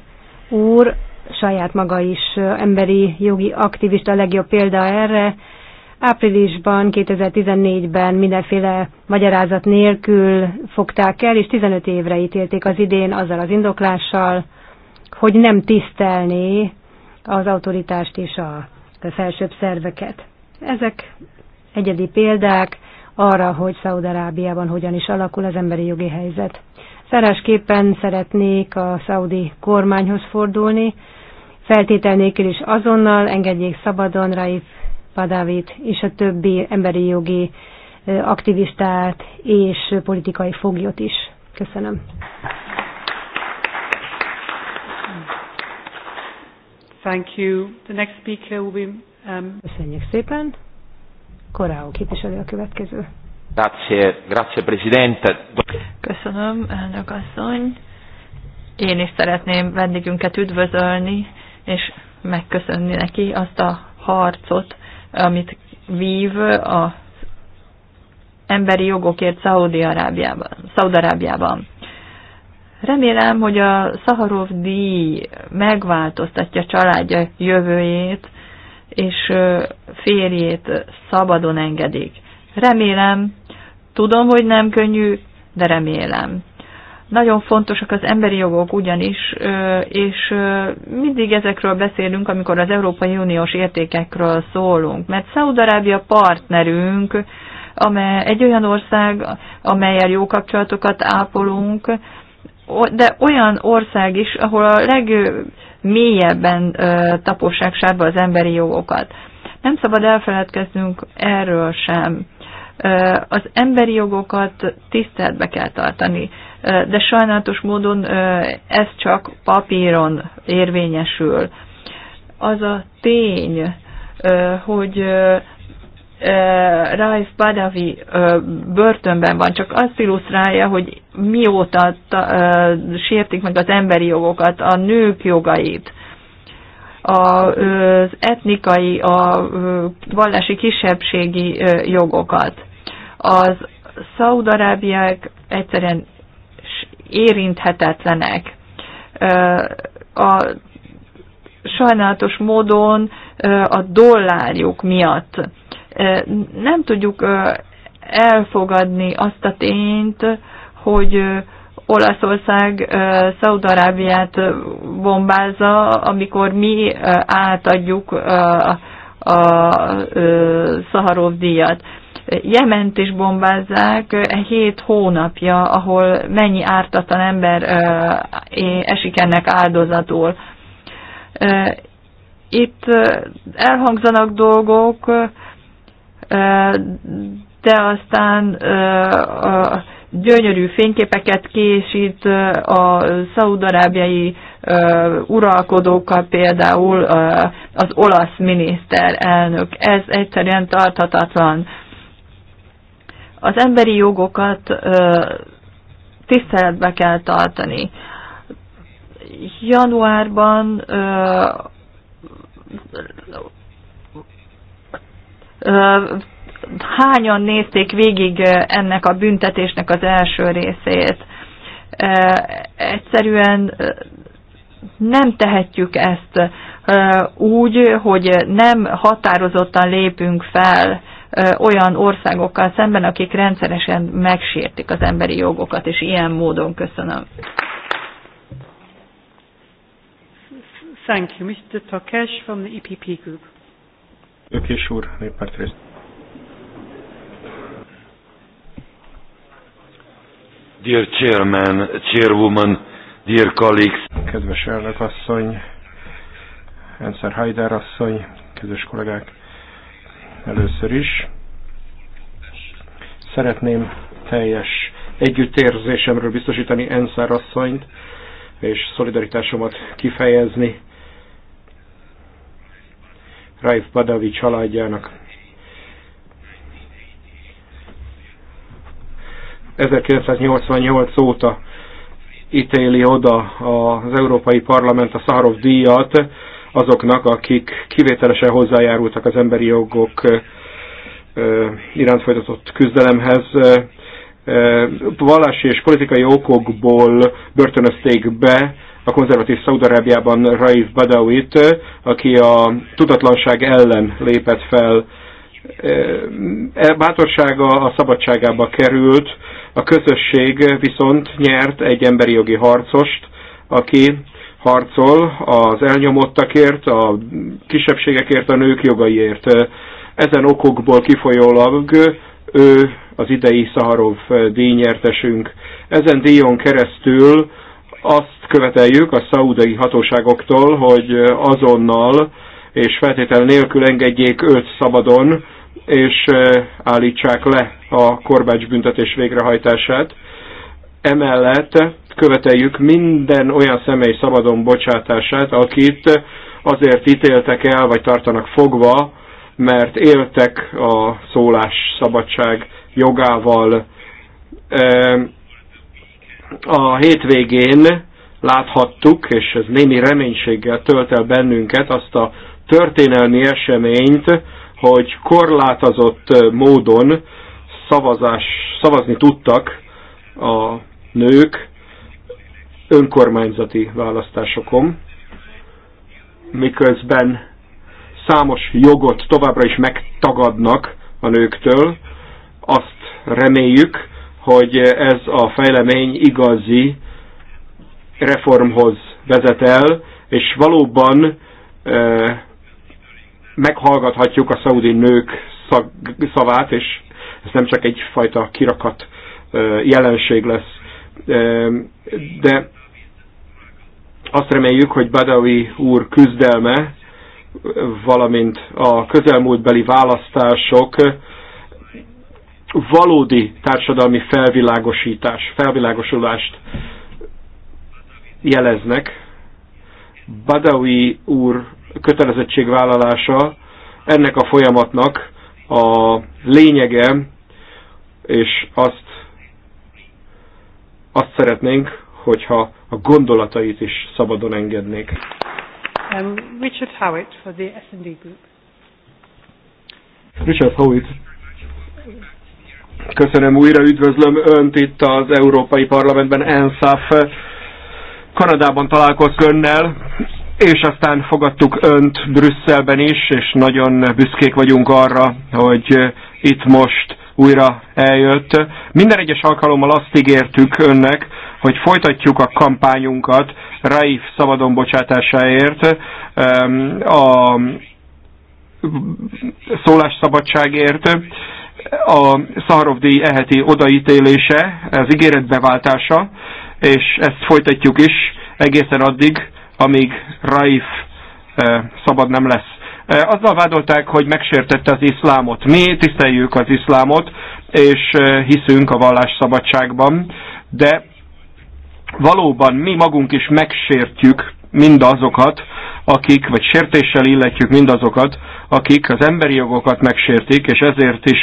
úr, saját maga is emberi jogi aktivista, a legjobb példa erre, Áprilisban, 2014-ben mindenféle magyarázat nélkül fogták el, és 15 évre ítélték az idén azzal az indoklással, hogy nem tisztelné az autoritást és a felsőbb szerveket. Ezek egyedi példák arra, hogy Szaúd-Arábiában hogyan is alakul az emberi jogi helyzet. Szerásképpen szeretnék a szaudi kormányhoz fordulni, feltétel nélkül is azonnal engedjék szabadon Raif Fadávit és a többi emberi jogi aktivistát és politikai foglyot is. Köszönöm. Thank you. The next speaker will be, um... Köszönjük szépen. Koráó képviselő a következő. Grazie, grazie Presidente. Köszönöm, elnök asszony. Én is szeretném vendégünket üdvözölni, és megköszönni neki azt a harcot, amit vív a emberi jogokért Szaudi-Arábiában. Szaudarábiában. Remélem, hogy a Szaharov díj megváltoztatja családja jövőjét, és férjét szabadon engedik. Remélem, tudom, hogy nem könnyű, de remélem. Nagyon fontosak az emberi jogok ugyanis, és mindig ezekről beszélünk, amikor az Európai Uniós értékekről szólunk, mert Szaudarábia partnerünk, amely egy olyan ország, amelyel jó kapcsolatokat ápolunk, de olyan ország is, ahol a legmélyebben tapossák sárba az emberi jogokat. Nem szabad elfeledkeznünk erről sem az emberi jogokat tiszteletbe kell tartani, de sajnálatos módon ez csak papíron érvényesül. Az a tény, hogy Raif Badavi börtönben van, csak azt illusztrálja, hogy mióta sértik meg az emberi jogokat, a nők jogait az etnikai, a vallási kisebbségi jogokat az szaudarábiák egyszerűen érinthetetlenek. A sajnálatos módon a dollárjuk miatt nem tudjuk elfogadni azt a tényt, hogy Olaszország Szaudarábiát bombázza, amikor mi átadjuk a, a, a Szaharov díjat. Jement is bombázzák hét hónapja, ahol mennyi ártatlan ember esik ennek áldozatul. Itt elhangzanak dolgok, de aztán gyönyörű fényképeket készít a szaudarábiai uralkodókkal, például az olasz miniszterelnök. Ez egyszerűen tarthatatlan. Az emberi jogokat ö, tiszteletbe kell tartani. Januárban ö, ö, hányan nézték végig ennek a büntetésnek az első részét. Egyszerűen nem tehetjük ezt úgy, hogy nem határozottan lépünk fel olyan országokkal szemben, akik rendszeresen megsértik az emberi jogokat, és ilyen módon köszönöm. Thank you, Mr. Takesh from the EPP Group. Ökés úr, néppárt részt. Dear Chairman, Chairwoman, dear colleagues. Kedves elnök asszony, Enszer Haider asszony, kedves kollégák először is. Szeretném teljes együttérzésemről biztosítani Enszár asszonyt, és szolidaritásomat kifejezni Raif Badavi családjának. 1988 óta ítéli oda az Európai Parlament a Szaharov díjat, azoknak, akik kivételesen hozzájárultak az emberi jogok iránt folytatott küzdelemhez. Vallási és politikai okokból börtönözték be a konzervatív Szaudarábiában Raif Badawit, aki a tudatlanság ellen lépett fel. E bátorsága a szabadságába került, a közösség viszont nyert egy emberi jogi harcost, aki harcol az elnyomottakért, a kisebbségekért, a nők jogaiért. Ezen okokból kifolyólag ő az idei Szaharov díjnyertesünk. Ezen díjon keresztül azt követeljük a szaudai hatóságoktól, hogy azonnal és feltétel nélkül engedjék őt szabadon, és eh, állítsák le a korbács büntetés végrehajtását. Emellett követeljük minden olyan személy szabadon bocsátását, akit azért ítéltek el, vagy tartanak fogva, mert éltek a szólás szabadság jogával. A hétvégén láthattuk, és ez némi reménységgel tölt el bennünket, azt a történelmi eseményt, hogy korlátozott módon szavazás, szavazni tudtak a nők, önkormányzati választásokon, miközben számos jogot továbbra is megtagadnak a nőktől. Azt reméljük, hogy ez a fejlemény igazi reformhoz vezet el, és valóban e, meghallgathatjuk a szaudi nők szag, szavát, és ez nem csak egyfajta kirakat e, jelenség lesz. E, de azt reméljük, hogy Badawi úr küzdelme, valamint a közelmúltbeli választások valódi társadalmi felvilágosítás, felvilágosulást jeleznek. Badawi úr kötelezettségvállalása ennek a folyamatnak a lényege, és azt, azt szeretnénk, hogyha a gondolatait is szabadon engednék. Um, Richard Howitt for the S&D Group. Richard Howitt. Köszönöm újra, üdvözlöm Önt itt az Európai Parlamentben, ENSAF. Kanadában találkozt Önnel, és aztán fogadtuk Önt Brüsszelben is, és nagyon büszkék vagyunk arra, hogy itt most újra eljött. Minden egyes alkalommal azt ígértük Önnek, hogy folytatjuk a kampányunkat Raif szabadon bocsátásáért, a szólásszabadságért, a Szaharovdi eheti odaítélése, az ígéret beváltása, és ezt folytatjuk is egészen addig, amíg Raif eh, szabad nem lesz. Eh, azzal vádolták, hogy megsértette az iszlámot. Mi tiszteljük az iszlámot, és eh, hiszünk a vallásszabadságban, de valóban mi magunk is megsértjük mindazokat, akik, vagy sértéssel illetjük mindazokat, akik az emberi jogokat megsértik, és ezért is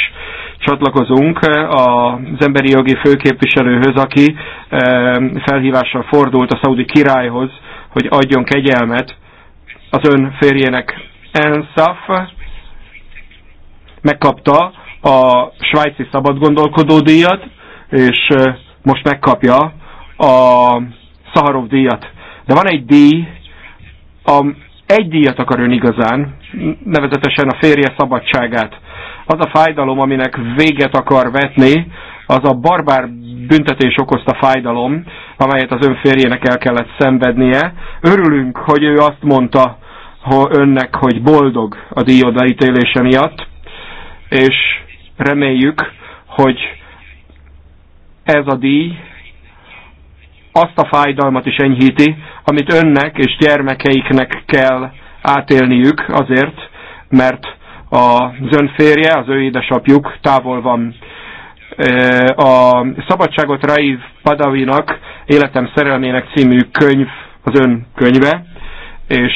csatlakozunk az emberi jogi főképviselőhöz, aki eh, felhívással fordult a szaudi királyhoz, hogy adjon kegyelmet az ön férjének. Ensaf megkapta a svájci szabadgondolkodó díjat, és eh, most megkapja a Szaharov díjat. De van egy díj, a, egy díjat akar ön igazán, nevezetesen a férje szabadságát. Az a fájdalom, aminek véget akar vetni, az a barbár büntetés okozta fájdalom, amelyet az ön férjének el kellett szenvednie. Örülünk, hogy ő azt mondta ha önnek, hogy boldog a díjodaítélése miatt, és reméljük, hogy ez a díj azt a fájdalmat is enyhíti, amit önnek és gyermekeiknek kell átélniük azért, mert az ön férje, az ő édesapjuk távol van. A Szabadságot Raiv Padavinak Életem szerelmének című könyv az ön könyve, és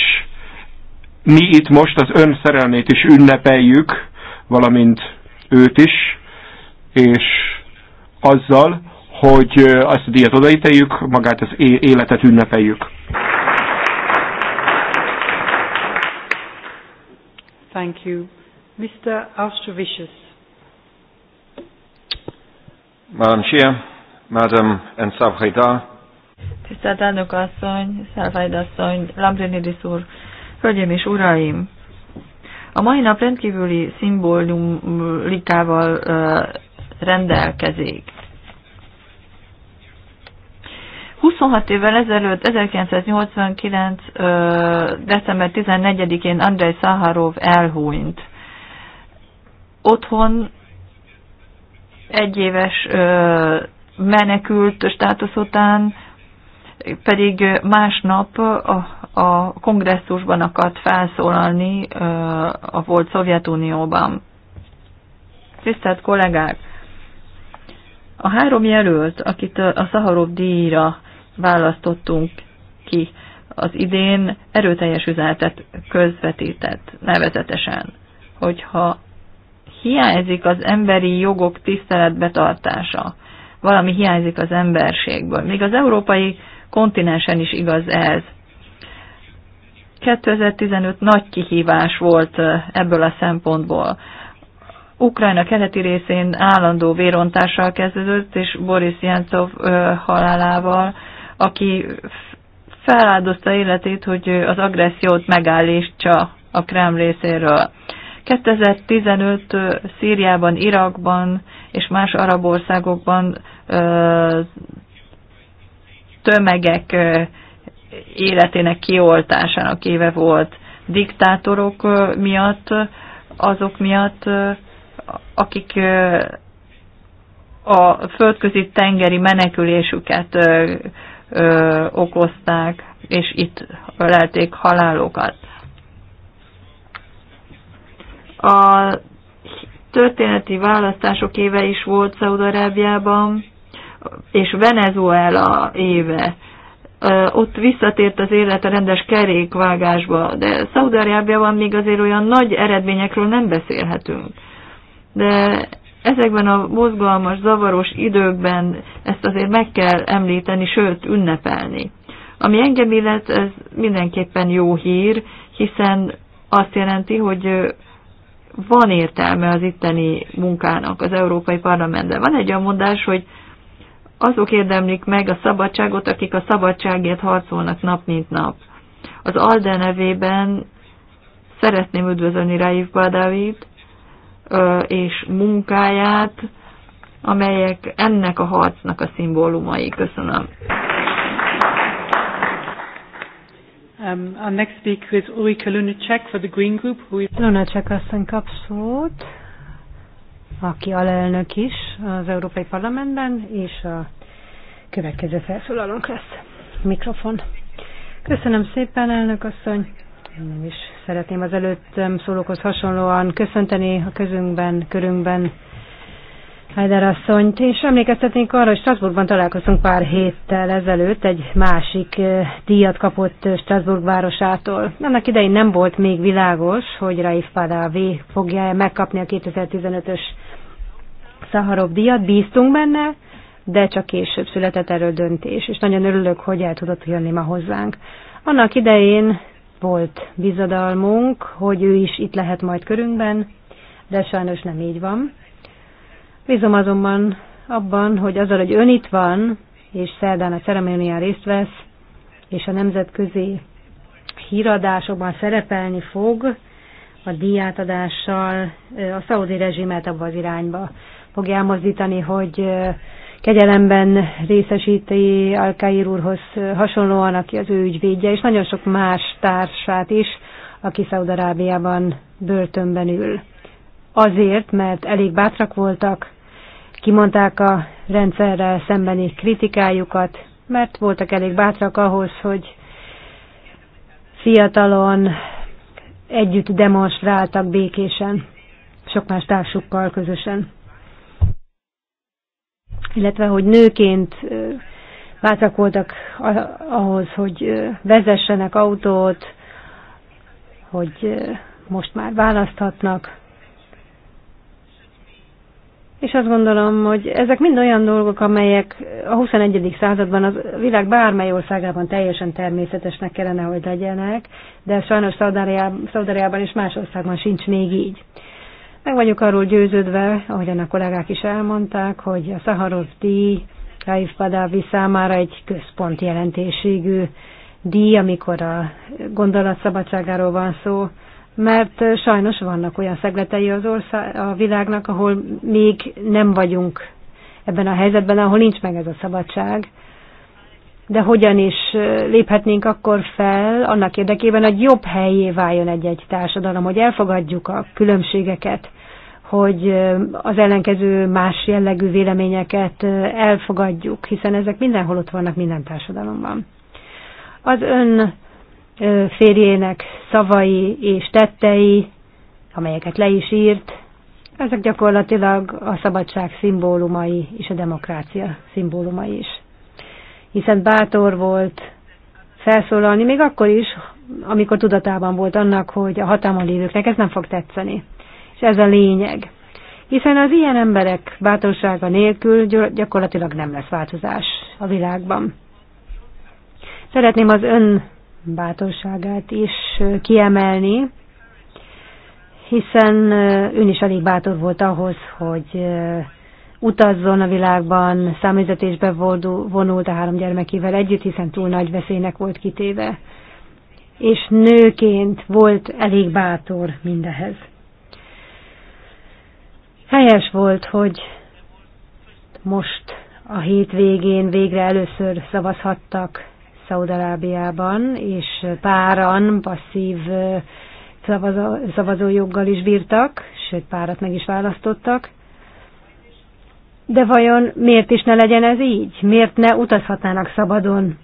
mi itt most az ön szerelmét is ünnepeljük, valamint őt is, és azzal, hogy ezt a díjat odaítéljük, magát az életet ünnepeljük. Thank you. Mr. Austrovicius. Madam Chair, Madam Ensavhaidar. Tisztelt elnök asszony, Szelfájd asszony, Lambrinidis úr, hölgyeim és uraim! A mai nap rendkívüli szimbólumlikával rendelkezik. 26 évvel ezelőtt, 1989. december 14-én Andrei Szaharov elhúnyt. Otthon egyéves menekült státusz után pedig másnap a, a kongresszusban akart felszólalni a volt Szovjetunióban. Tisztelt kollégák! A három jelölt, akit a Szaharov díjra választottunk ki az idén, erőteljes üzenetet közvetített, nevezetesen, hogyha hiányzik az emberi jogok tiszteletbetartása, valami hiányzik az emberségből. Még az európai kontinensen is igaz ez. 2015 nagy kihívás volt ebből a szempontból. Ukrajna keleti részén állandó vérontással kezdődött, és Boris Jentov halálával aki feláldozta életét, hogy az agressziót megállítsa a Kreml részéről. 2015 Szíriában, Irakban és más arab országokban tömegek életének kioltásának éve volt. Diktátorok miatt, azok miatt, akik a földközi tengeri menekülésüket ö, okozták, és itt ölelték halálokat. A történeti választások éve is volt Szaudarábiában, és Venezuela éve. Ott visszatért az élet a rendes kerékvágásba, de Szaudarábiában még azért olyan nagy eredményekről nem beszélhetünk. De ezekben a mozgalmas, zavaros időkben ezt azért meg kell említeni, sőt ünnepelni. Ami engem illet, ez mindenképpen jó hír, hiszen azt jelenti, hogy van értelme az itteni munkának az Európai Parlamentben. Van egy olyan mondás, hogy azok érdemlik meg a szabadságot, akik a szabadságért harcolnak nap mint nap. Az ALDE nevében szeretném üdvözölni Raif Badavit, és munkáját, amelyek ennek a harcnak a szimbólumai. Köszönöm. Um, our next speaker is Ulrike Lunacek for the Green Group. Who is... Lunacek asszony kap szót, aki alelnök is az Európai Parlamentben, és a következő felszólalónk lesz. Mikrofon. Köszönöm szépen, elnök asszony. Én is Szeretném az előttem szólókhoz hasonlóan köszönteni a közünkben, körünkben Heider asszonyt, és emlékeztetnénk arra, hogy Strasbourgban találkoztunk pár héttel ezelőtt egy másik eh, díjat kapott Strasbourg városától. Annak idején nem volt még világos, hogy Raif Padavi fogja megkapni a 2015-ös Szaharov díjat, bíztunk benne, de csak később született erről döntés, és nagyon örülök, hogy el tudott jönni ma hozzánk. Annak idején volt bizadalmunk, hogy ő is itt lehet majd körünkben, de sajnos nem így van. Bízom azonban abban, hogy azzal, hogy ön itt van, és szerdán a ceremónián részt vesz, és a nemzetközi híradásokban szerepelni fog, a díjátadással a szaudi rezsimet abba az irányba fogja elmozdítani, hogy kegyelemben részesíti Alkair úrhoz hasonlóan, aki az ő ügyvédje, és nagyon sok más társát is, aki Szaudarábiában börtönben ül. Azért, mert elég bátrak voltak, kimondták a rendszerrel szembeni kritikájukat, mert voltak elég bátrak ahhoz, hogy fiatalon együtt demonstráltak békésen, sok más társukkal közösen illetve hogy nőként bátrakoltak ahhoz, hogy vezessenek autót, hogy most már választhatnak. És azt gondolom, hogy ezek mind olyan dolgok, amelyek a XXI. században a világ bármely országában teljesen természetesnek kellene, hogy legyenek, de sajnos Szaudariában és más országban sincs még így. Meg vagyok arról győződve, ahogyan a kollégák is elmondták, hogy a Szaharov díj Raif Badavi számára egy központ jelentésségű díj, amikor a gondolatszabadságáról van szó, mert sajnos vannak olyan szegletei az ország, a világnak, ahol még nem vagyunk ebben a helyzetben, ahol nincs meg ez a szabadság, de hogyan is léphetnénk akkor fel annak érdekében, hogy jobb helyé váljon egy-egy társadalom, hogy elfogadjuk a különbségeket, hogy az ellenkező más jellegű véleményeket elfogadjuk, hiszen ezek mindenhol ott vannak minden társadalomban. Az ön férjének szavai és tettei, amelyeket le is írt, ezek gyakorlatilag a szabadság szimbólumai és a demokrácia szimbólumai is hiszen bátor volt felszólalni, még akkor is, amikor tudatában volt annak, hogy a hatalmon lévőknek ez nem fog tetszeni. És ez a lényeg. Hiszen az ilyen emberek bátorsága nélkül gyakorlatilag nem lesz változás a világban. Szeretném az ön bátorságát is kiemelni, hiszen ön is elég bátor volt ahhoz, hogy utazzon a világban, számüzetésbe vonult a három gyermekével együtt, hiszen túl nagy veszélynek volt kitéve. És nőként volt elég bátor mindehez. Helyes volt, hogy most a hétvégén végre először szavazhattak Szaudarábiában, és páran passzív szavazójoggal is bírtak, sőt párat meg is választottak. De vajon miért is ne legyen ez így? Miért ne utazhatnának szabadon?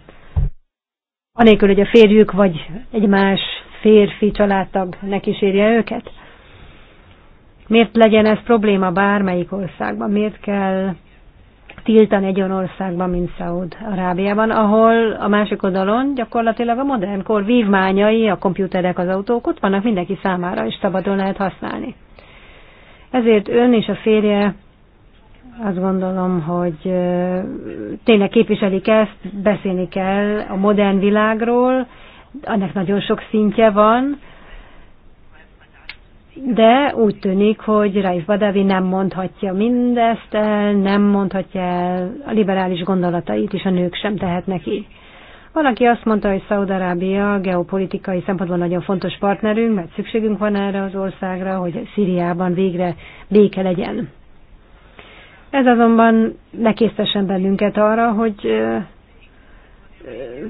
Anélkül, hogy a férjük vagy egy más férfi családtag ne kísérje őket? Miért legyen ez probléma bármelyik országban? Miért kell tiltani egy olyan országban, mint Szaúd-Arábiában, ahol a másik oldalon gyakorlatilag a modern kor vívmányai, a komputerek, az autók ott vannak mindenki számára, és szabadon lehet használni. Ezért ön és a férje azt gondolom, hogy tényleg képviselik ezt, beszélni kell a modern világról, annak nagyon sok szintje van, de úgy tűnik, hogy Raif Badavi nem mondhatja mindezt el, nem mondhatja el a liberális gondolatait, és a nők sem tehetnek így. Van, aki azt mondta, hogy Szaudarábia geopolitikai szempontból nagyon fontos partnerünk, mert szükségünk van erre az országra, hogy Szíriában végre béke legyen. Ez azonban ne késztessen bennünket arra, hogy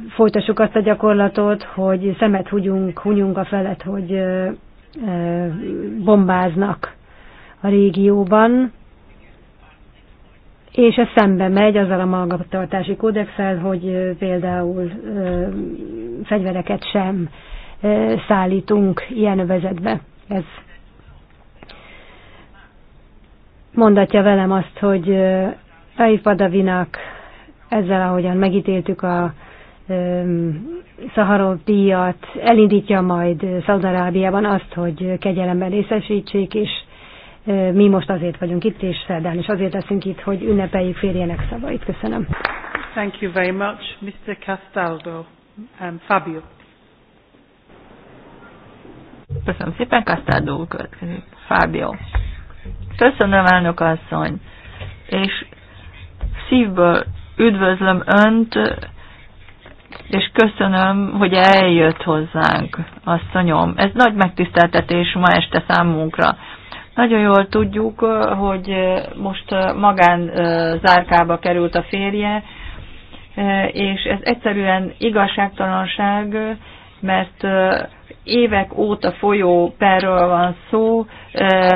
folytassuk azt a gyakorlatot, hogy szemet hugyunk, hunyunk a felett, hogy bombáznak a régióban, és ez szembe megy azzal a magatartási kódexel, hogy például fegyvereket sem szállítunk ilyen övezetbe. Ez mondatja velem azt, hogy Raif Badavinak ezzel, ahogyan megítéltük a Szaharov díjat, elindítja majd Szaudarábiában azt, hogy kegyelemben részesítsék, és mi most azért vagyunk itt, és szerdán is azért leszünk itt, hogy ünnepeljük férjének szavait. Köszönöm. Thank you very much, Mr. Castaldo. Um, Fabio. Köszönöm szépen, Castaldo következik. Fabio. Köszönöm, elnök asszony, és szívből üdvözlöm Önt, és köszönöm, hogy eljött hozzánk, asszonyom. Ez nagy megtiszteltetés ma este számunkra. Nagyon jól tudjuk, hogy most magán zárkába került a férje, és ez egyszerűen igazságtalanság, mert évek óta folyó perről van szó,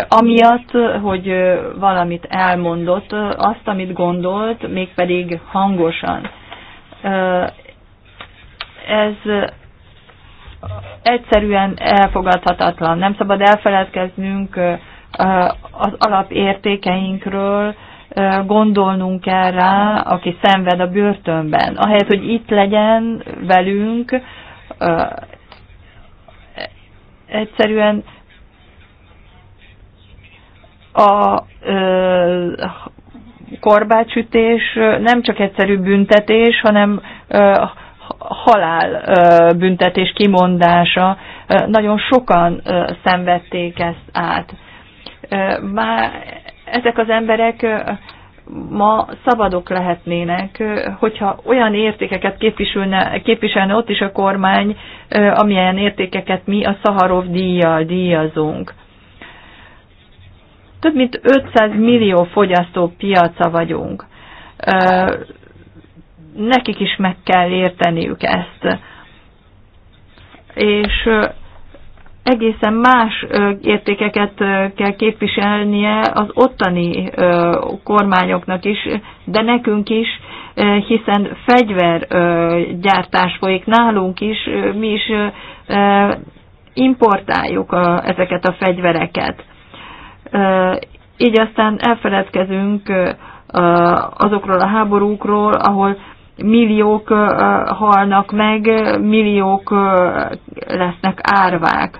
amiatt, hogy valamit elmondott, azt, amit gondolt, mégpedig hangosan. Ez egyszerűen elfogadhatatlan. Nem szabad elfeledkeznünk az alapértékeinkről, gondolnunk kell rá, aki szenved a börtönben. Ahelyett, hogy itt legyen velünk, egyszerűen a ö, korbácsütés nem csak egyszerű büntetés, hanem ö, halál ö, büntetés kimondása. Ö, nagyon sokan ö, szenvedték ezt át. Ö, már ezek az emberek ma szabadok lehetnének, hogyha olyan értékeket képviselne, képviselne ott is a kormány, amilyen értékeket mi a Szaharov díjjal díjazunk. Több mint 500 millió fogyasztó piaca vagyunk. Nekik is meg kell érteniük ezt. És egészen más értékeket kell képviselnie az ottani kormányoknak is, de nekünk is, hiszen fegyvergyártás folyik nálunk is, mi is importáljuk a, ezeket a fegyvereket. Így aztán elfeledkezünk azokról a háborúkról, ahol milliók halnak meg, milliók lesznek árvák.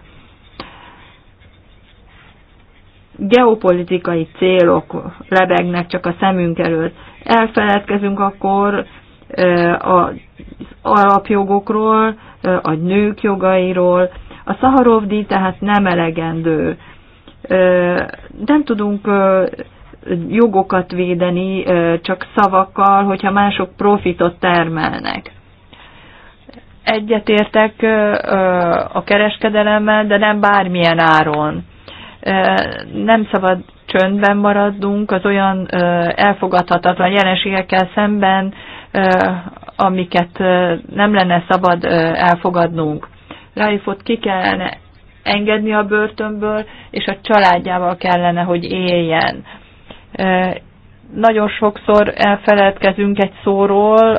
geopolitikai célok lebegnek csak a szemünk előtt. Elfeledkezünk akkor az alapjogokról, a nők jogairól. A Szaharovdi tehát nem elegendő. Nem tudunk jogokat védeni csak szavakkal, hogyha mások profitot termelnek. Egyetértek a kereskedelemmel, de nem bármilyen áron nem szabad csöndben maradnunk az olyan elfogadhatatlan jelenségekkel szemben, amiket nem lenne szabad elfogadnunk. Raifot ki kellene engedni a börtönből, és a családjával kellene, hogy éljen. Nagyon sokszor elfeledkezünk egy szóról,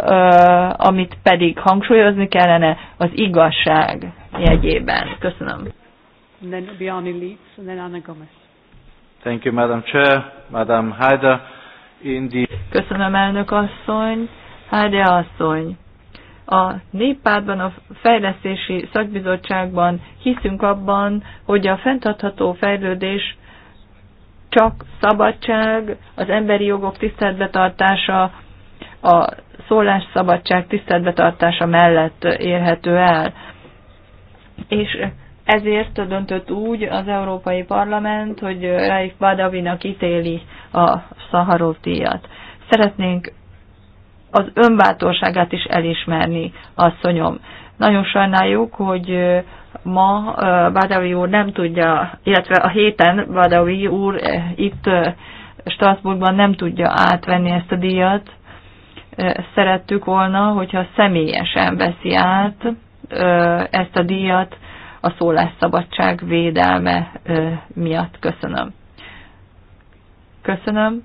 amit pedig hangsúlyozni kellene az igazság jegyében. Köszönöm and then Bjarni Leeds, and then Anna Gomez. Thank you, Madam Chair, Madam Haida. In the... Köszönöm, elnök asszony. Haida asszony. A néppártban, a fejlesztési szakbizottságban hiszünk abban, hogy a fenntartható fejlődés csak szabadság, az emberi jogok tiszteletbetartása, a szólásszabadság tiszteletbetartása mellett érhető el. És ezért döntött úgy az Európai Parlament, hogy Raif Badavinak ítéli a Szaharov díjat. Szeretnénk az önbátorságát is elismerni, asszonyom. Nagyon sajnáljuk, hogy ma Badawi úr nem tudja, illetve a héten Badawi úr itt Strasbourgban nem tudja átvenni ezt a díjat. Szerettük volna, hogyha személyesen veszi át ezt a díjat, a szólásszabadság védelme miatt. Köszönöm. Köszönöm.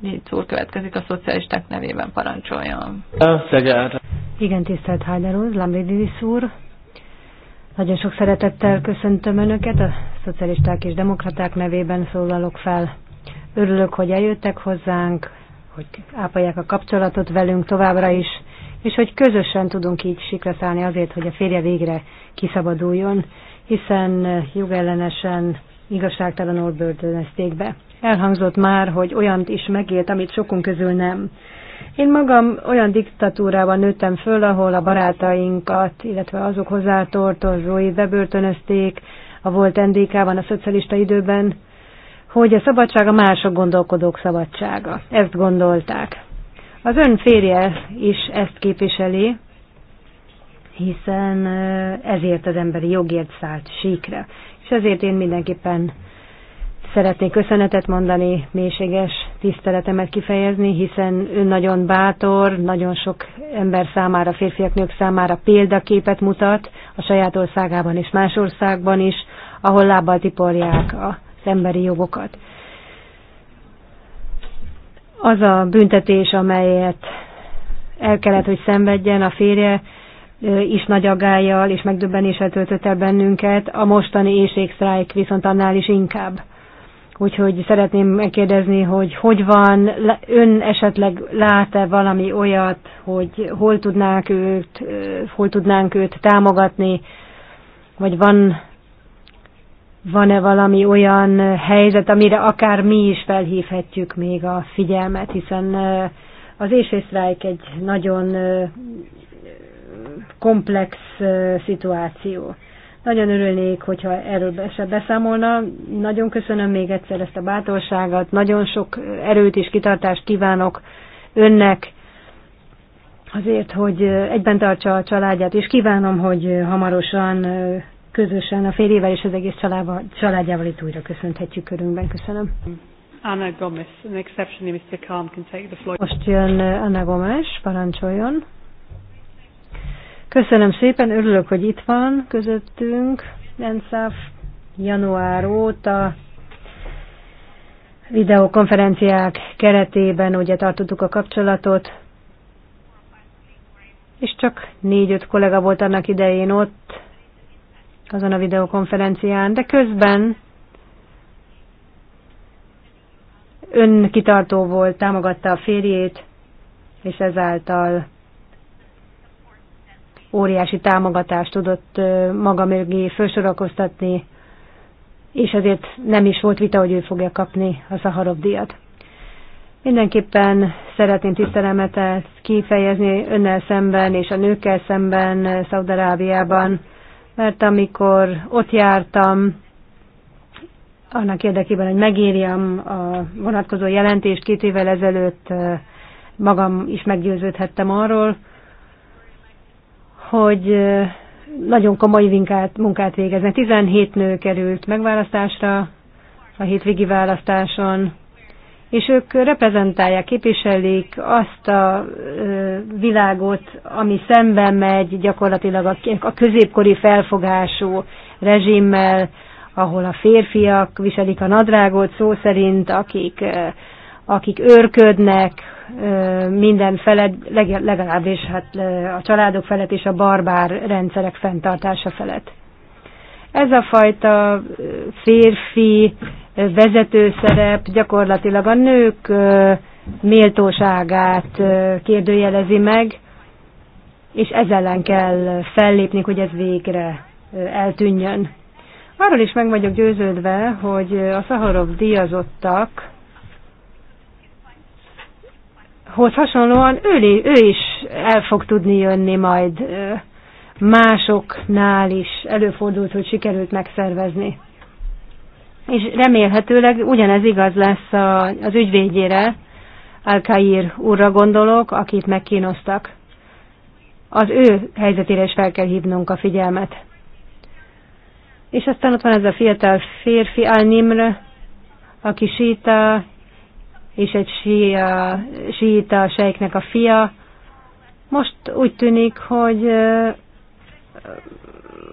Négy szó következik a szocialisták nevében, parancsoljon. Igen, tisztelt Heider úr, Lambridis úr. Nagyon sok szeretettel köszöntöm Önöket, a szocialisták és demokraták nevében szólalok fel. Örülök, hogy eljöttek hozzánk, hogy ápolják a kapcsolatot velünk továbbra is, és hogy közösen tudunk így siklaszállni azért, hogy a férje végre kiszabaduljon, hiszen eh, jogellenesen igazságtalanul börtönözték be. Elhangzott már, hogy olyant is megélt, amit sokunk közül nem. Én magam olyan diktatúrában nőttem föl, ahol a barátainkat, illetve azok hozzátartozói bebörtönözték, a volt NDK-ban, a szocialista időben, hogy a szabadság a mások gondolkodók szabadsága. Ezt gondolták. Az ön férje is ezt képviseli, hiszen ezért az emberi jogért szállt síkra. És ezért én mindenképpen szeretnék köszönetet mondani, mélységes tiszteletemet kifejezni, hiszen ő nagyon bátor, nagyon sok ember számára, férfiak, nők számára példaképet mutat, a saját országában és más országban is, ahol lábbal tiporják az emberi jogokat. Az a büntetés, amelyet el kellett, hogy szenvedjen a férje, is nagy agályjal és megdöbbenéssel töltött el bennünket, a mostani éjségsztrájk viszont annál is inkább. Úgyhogy szeretném megkérdezni, hogy hogy van, ön esetleg lát-e valami olyat, hogy hol tudnánk őt, hol tudnánk őt támogatni, vagy van van-e valami olyan helyzet, amire akár mi is felhívhatjuk még a figyelmet, hiszen az éjségsztrájk egy nagyon komplex szituáció. Nagyon örülnék, hogyha erről se beszámolna. Nagyon köszönöm még egyszer ezt a bátorságot, nagyon sok erőt és kitartást kívánok önnek, azért, hogy egyben tartsa a családját, és kívánom, hogy hamarosan közösen a férjével és az egész családba, családjával itt újra köszönhetjük körünkben. Köszönöm. Anna Gomez, an exceptionally Mr. Calm can take the floor. Most jön Anna Gomes, parancsoljon. Köszönöm szépen, örülök, hogy itt van közöttünk. Enszáv január óta videokonferenciák keretében ugye tartottuk a kapcsolatot, és csak négy-öt kollega volt annak idején ott, azon a videokonferencián, de közben ön kitartó volt, támogatta a férjét, és ezáltal óriási támogatást tudott maga mögé felsorakoztatni, és ezért nem is volt vita, hogy ő fogja kapni a Szaharov díjat. Mindenképpen szeretném tisztelemet kifejezni önnel szemben és a nőkkel szemben Szaudarábiában, mert amikor ott jártam, annak érdekében, hogy megírjam a vonatkozó jelentést két évvel ezelőtt, magam is meggyőződhettem arról, hogy nagyon komoly vinkát, munkát végeznek. 17 nő került megválasztásra a hétvégi választáson, és ők reprezentálják, képviselik azt a világot, ami szemben megy gyakorlatilag a középkori felfogású rezsimmel, ahol a férfiak viselik a nadrágot szó szerint, akik, akik őrködnek minden felett, legalábbis hát a családok felett és a barbár rendszerek fenntartása felett. Ez a fajta férfi vezető szerep gyakorlatilag a nők méltóságát kérdőjelezi meg, és ez ellen kell fellépni, hogy ez végre eltűnjön. Arról is meg vagyok győződve, hogy a Szaharov díjazottak hoz hasonlóan ő, ő is el fog tudni jönni majd másoknál is. Előfordult, hogy sikerült megszervezni és remélhetőleg ugyanez igaz lesz a, az ügyvédjére, Al-Kair úrra gondolok, akit megkínoztak. Az ő helyzetére is fel kell hívnunk a figyelmet. És aztán ott van ez a fiatal férfi, Al-Nimr, aki síta, és egy síta, síta sejknek a fia. Most úgy tűnik, hogy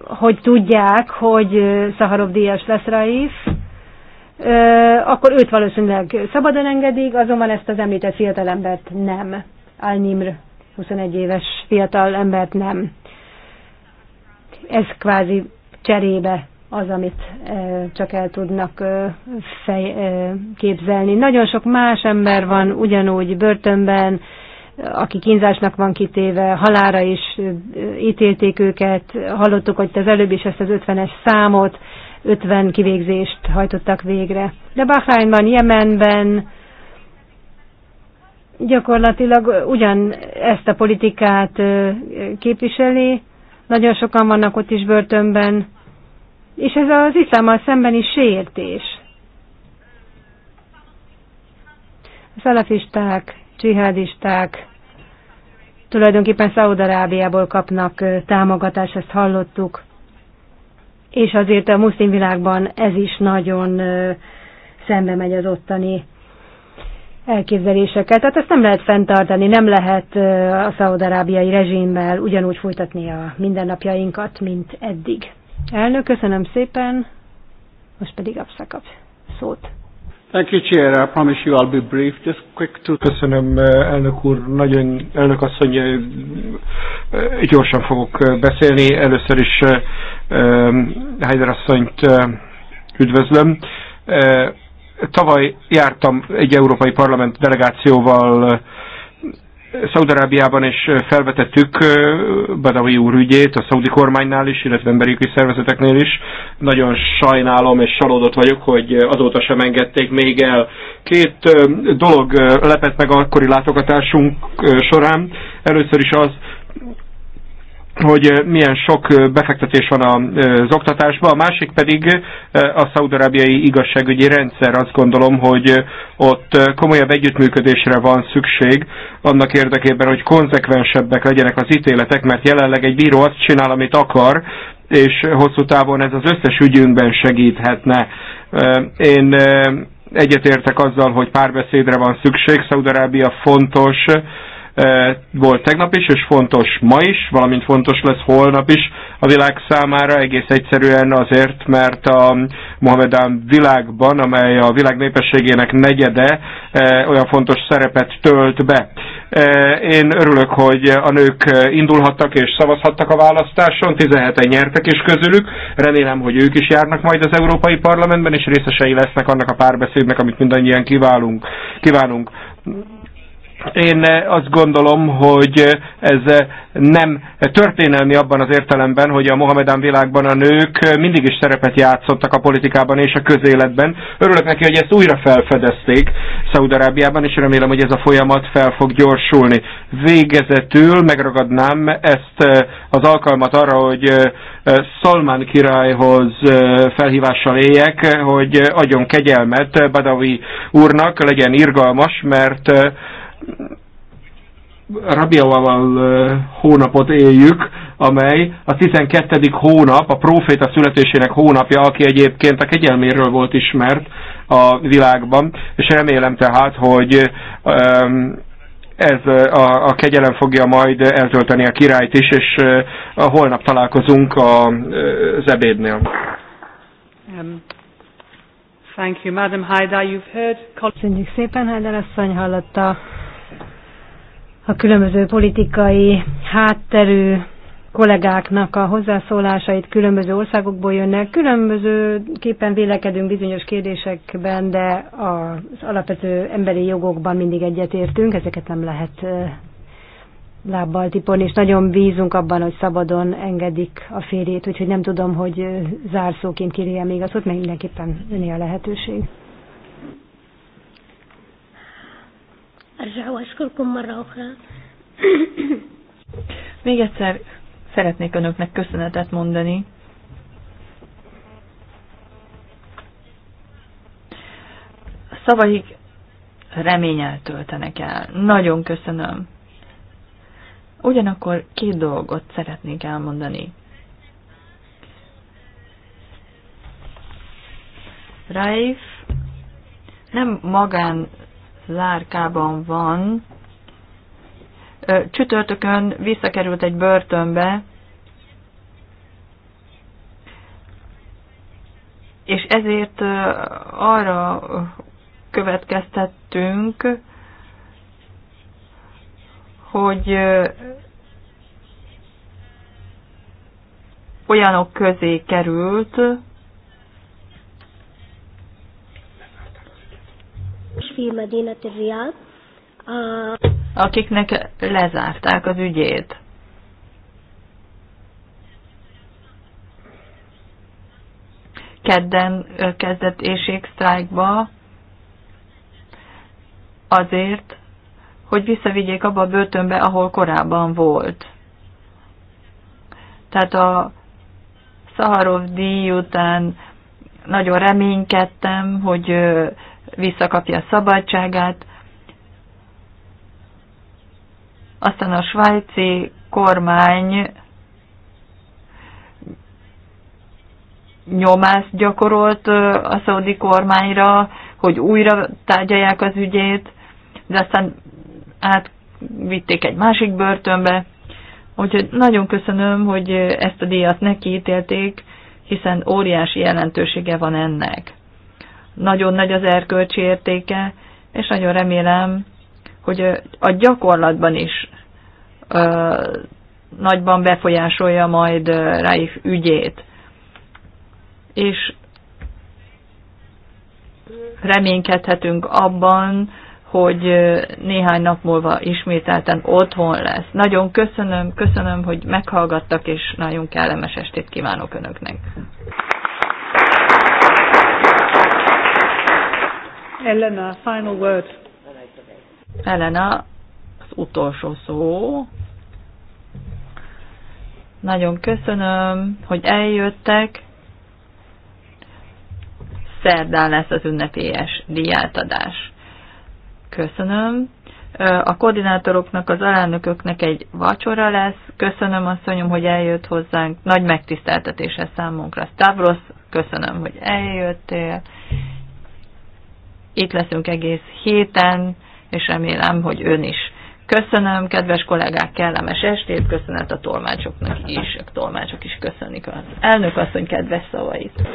hogy tudják, hogy Szaharov díjas lesz Raif, akkor őt valószínűleg szabadon engedik, azonban ezt az említett fiatalembert nem. Al-Nimr, 21 éves fiatal embert nem. Ez kvázi cserébe az, amit csak el tudnak fej, képzelni. Nagyon sok más ember van ugyanúgy börtönben, aki kínzásnak van kitéve, halára is ítélték őket, hallottuk, hogy az előbb is ezt az 50-es számot, 50 kivégzést hajtottak végre. De Bahreinban, Jemenben gyakorlatilag ugyan ezt a politikát képviseli, nagyon sokan vannak ott is börtönben, és ez az iszlámmal szembeni sértés. A szalafisták, csihádisták tulajdonképpen Szaudarábiából kapnak támogatást, ezt hallottuk és azért a muszlim világban ez is nagyon szembe megy az ottani elképzeléseket. Tehát ezt nem lehet fenntartani, nem lehet a szaudarábiai rezsimmel ugyanúgy folytatni a mindennapjainkat, mint eddig. Elnök, köszönöm szépen, most pedig abszakap szót. Thank you, Chair. I promise you I'll be brief. Just quick to... Köszönöm, elnök úr, nagyon, elnök asszony, eh, eh, gyorsan fogok eh, beszélni. Először is Heider asszonyt üdvözlöm. Tavaly jártam egy európai parlament delegációval Szaudarábiában is felvetettük Badawi úr ügyét a szaudi kormánynál is, illetve emberi szervezeteknél is. Nagyon sajnálom és csalódott vagyok, hogy azóta sem engedték még el. Két dolog lepett meg akkori látogatásunk során. Először is az, hogy eh, milyen sok eh, befektetés van eh, az oktatásban, a másik pedig a szaudarábiai igazságügyi rendszer. Azt gondolom, hogy ott komolyabb együttműködésre van szükség annak érdekében, hogy konzekvensebbek legyenek az ítéletek, mert jelenleg egy bíró azt csinál, amit akar, és hosszú távon ez az összes ügyünkben segíthetne. Én egyetértek azzal, hogy párbeszédre van szükség, Szaudarábia fontos, volt tegnap is, és fontos ma is, valamint fontos lesz holnap is a világ számára, egész egyszerűen azért, mert a Mohamedán világban, amely a világ népességének negyede, olyan fontos szerepet tölt be. Én örülök, hogy a nők indulhattak és szavazhattak a választáson, 17-en nyertek is közülük, remélem, hogy ők is járnak majd az Európai Parlamentben, és részesei lesznek annak a párbeszédnek, amit mindannyian kiválunk, kívánunk. Én eh, azt gondolom, hogy eh, ez eh, nem történelmi abban az értelemben, hogy a Mohamedán világban a nők mindig is szerepet játszottak a politikában és a közéletben. Örülök neki, hogy ezt újra felfedezték Szaudarábiában, és remélem, hogy ez a folyamat fel fog gyorsulni. Végezetül megragadnám ezt az alkalmat arra, hogy Szalmán királyhoz felhívással éljek, hogy adjon kegyelmet Badawi úrnak, legyen irgalmas, mert Rabiaval hónapot éljük, amely a 12. hónap, a próféta születésének hónapja, aki egyébként a kegyelméről volt ismert a világban, és remélem tehát, hogy ez a, a kegyelem fogja majd eltölteni a királyt is, és a holnap találkozunk a, az ebédnél. Um. Thank you, Madam Haida. You've heard... Köszönjük szépen, Haida asszony hallotta a különböző politikai hátterű kollégáknak a hozzászólásait különböző országokból jönnek, különbözőképpen vélekedünk bizonyos kérdésekben, de az alapvető emberi jogokban mindig egyetértünk, ezeket nem lehet lábbal tiporni, és nagyon bízunk abban, hogy szabadon engedik a férjét, úgyhogy nem tudom, hogy zárszóként kérje még az ott, mert mindenképpen öné a lehetőség. أرجع وأشكركم مرة أخرى Még egyszer szeretnék önöknek köszönetet mondani. Szavaik reményel töltenek el. Nagyon köszönöm. Ugyanakkor két dolgot szeretnék elmondani. Raif nem magán lárkában van. Csütörtökön visszakerült egy börtönbe, és ezért arra következtettünk, hogy olyanok közé került, akiknek lezárták az ügyét. Kedden kezdett sztrájkba azért, hogy visszavigyék abba a börtönbe, ahol korábban volt. Tehát a Szaharov díj után nagyon reménykedtem, hogy visszakapja a szabadságát. Aztán a svájci kormány nyomást gyakorolt a szaudi kormányra, hogy újra tárgyalják az ügyét, de aztán átvitték egy másik börtönbe. Úgyhogy nagyon köszönöm, hogy ezt a díjat neki ítélték, hiszen óriási jelentősége van ennek nagyon nagy az erkölcsi értéke, és nagyon remélem, hogy a gyakorlatban is ö, nagyban befolyásolja majd Raif ügyét. És reménykedhetünk abban, hogy néhány nap múlva ismételten otthon lesz. Nagyon köszönöm, köszönöm, hogy meghallgattak, és nagyon kellemes estét kívánok Önöknek. Elena, final word. Elena, az utolsó szó. Nagyon köszönöm, hogy eljöttek. Szerdán lesz az ünnepélyes díjátadás. Köszönöm. A koordinátoroknak, az alánököknek egy vacsora lesz. Köszönöm, asszonyom, hogy eljött hozzánk. Nagy megtiszteltetés számunkra. Stavros, köszönöm, hogy eljöttél. Itt leszünk egész héten, és remélem, hogy ön is. Köszönöm, kedves kollégák, kellemes estét, köszönet a tolmácsoknak is, a tolmácsok is köszönik az elnök asszony kedves szavait.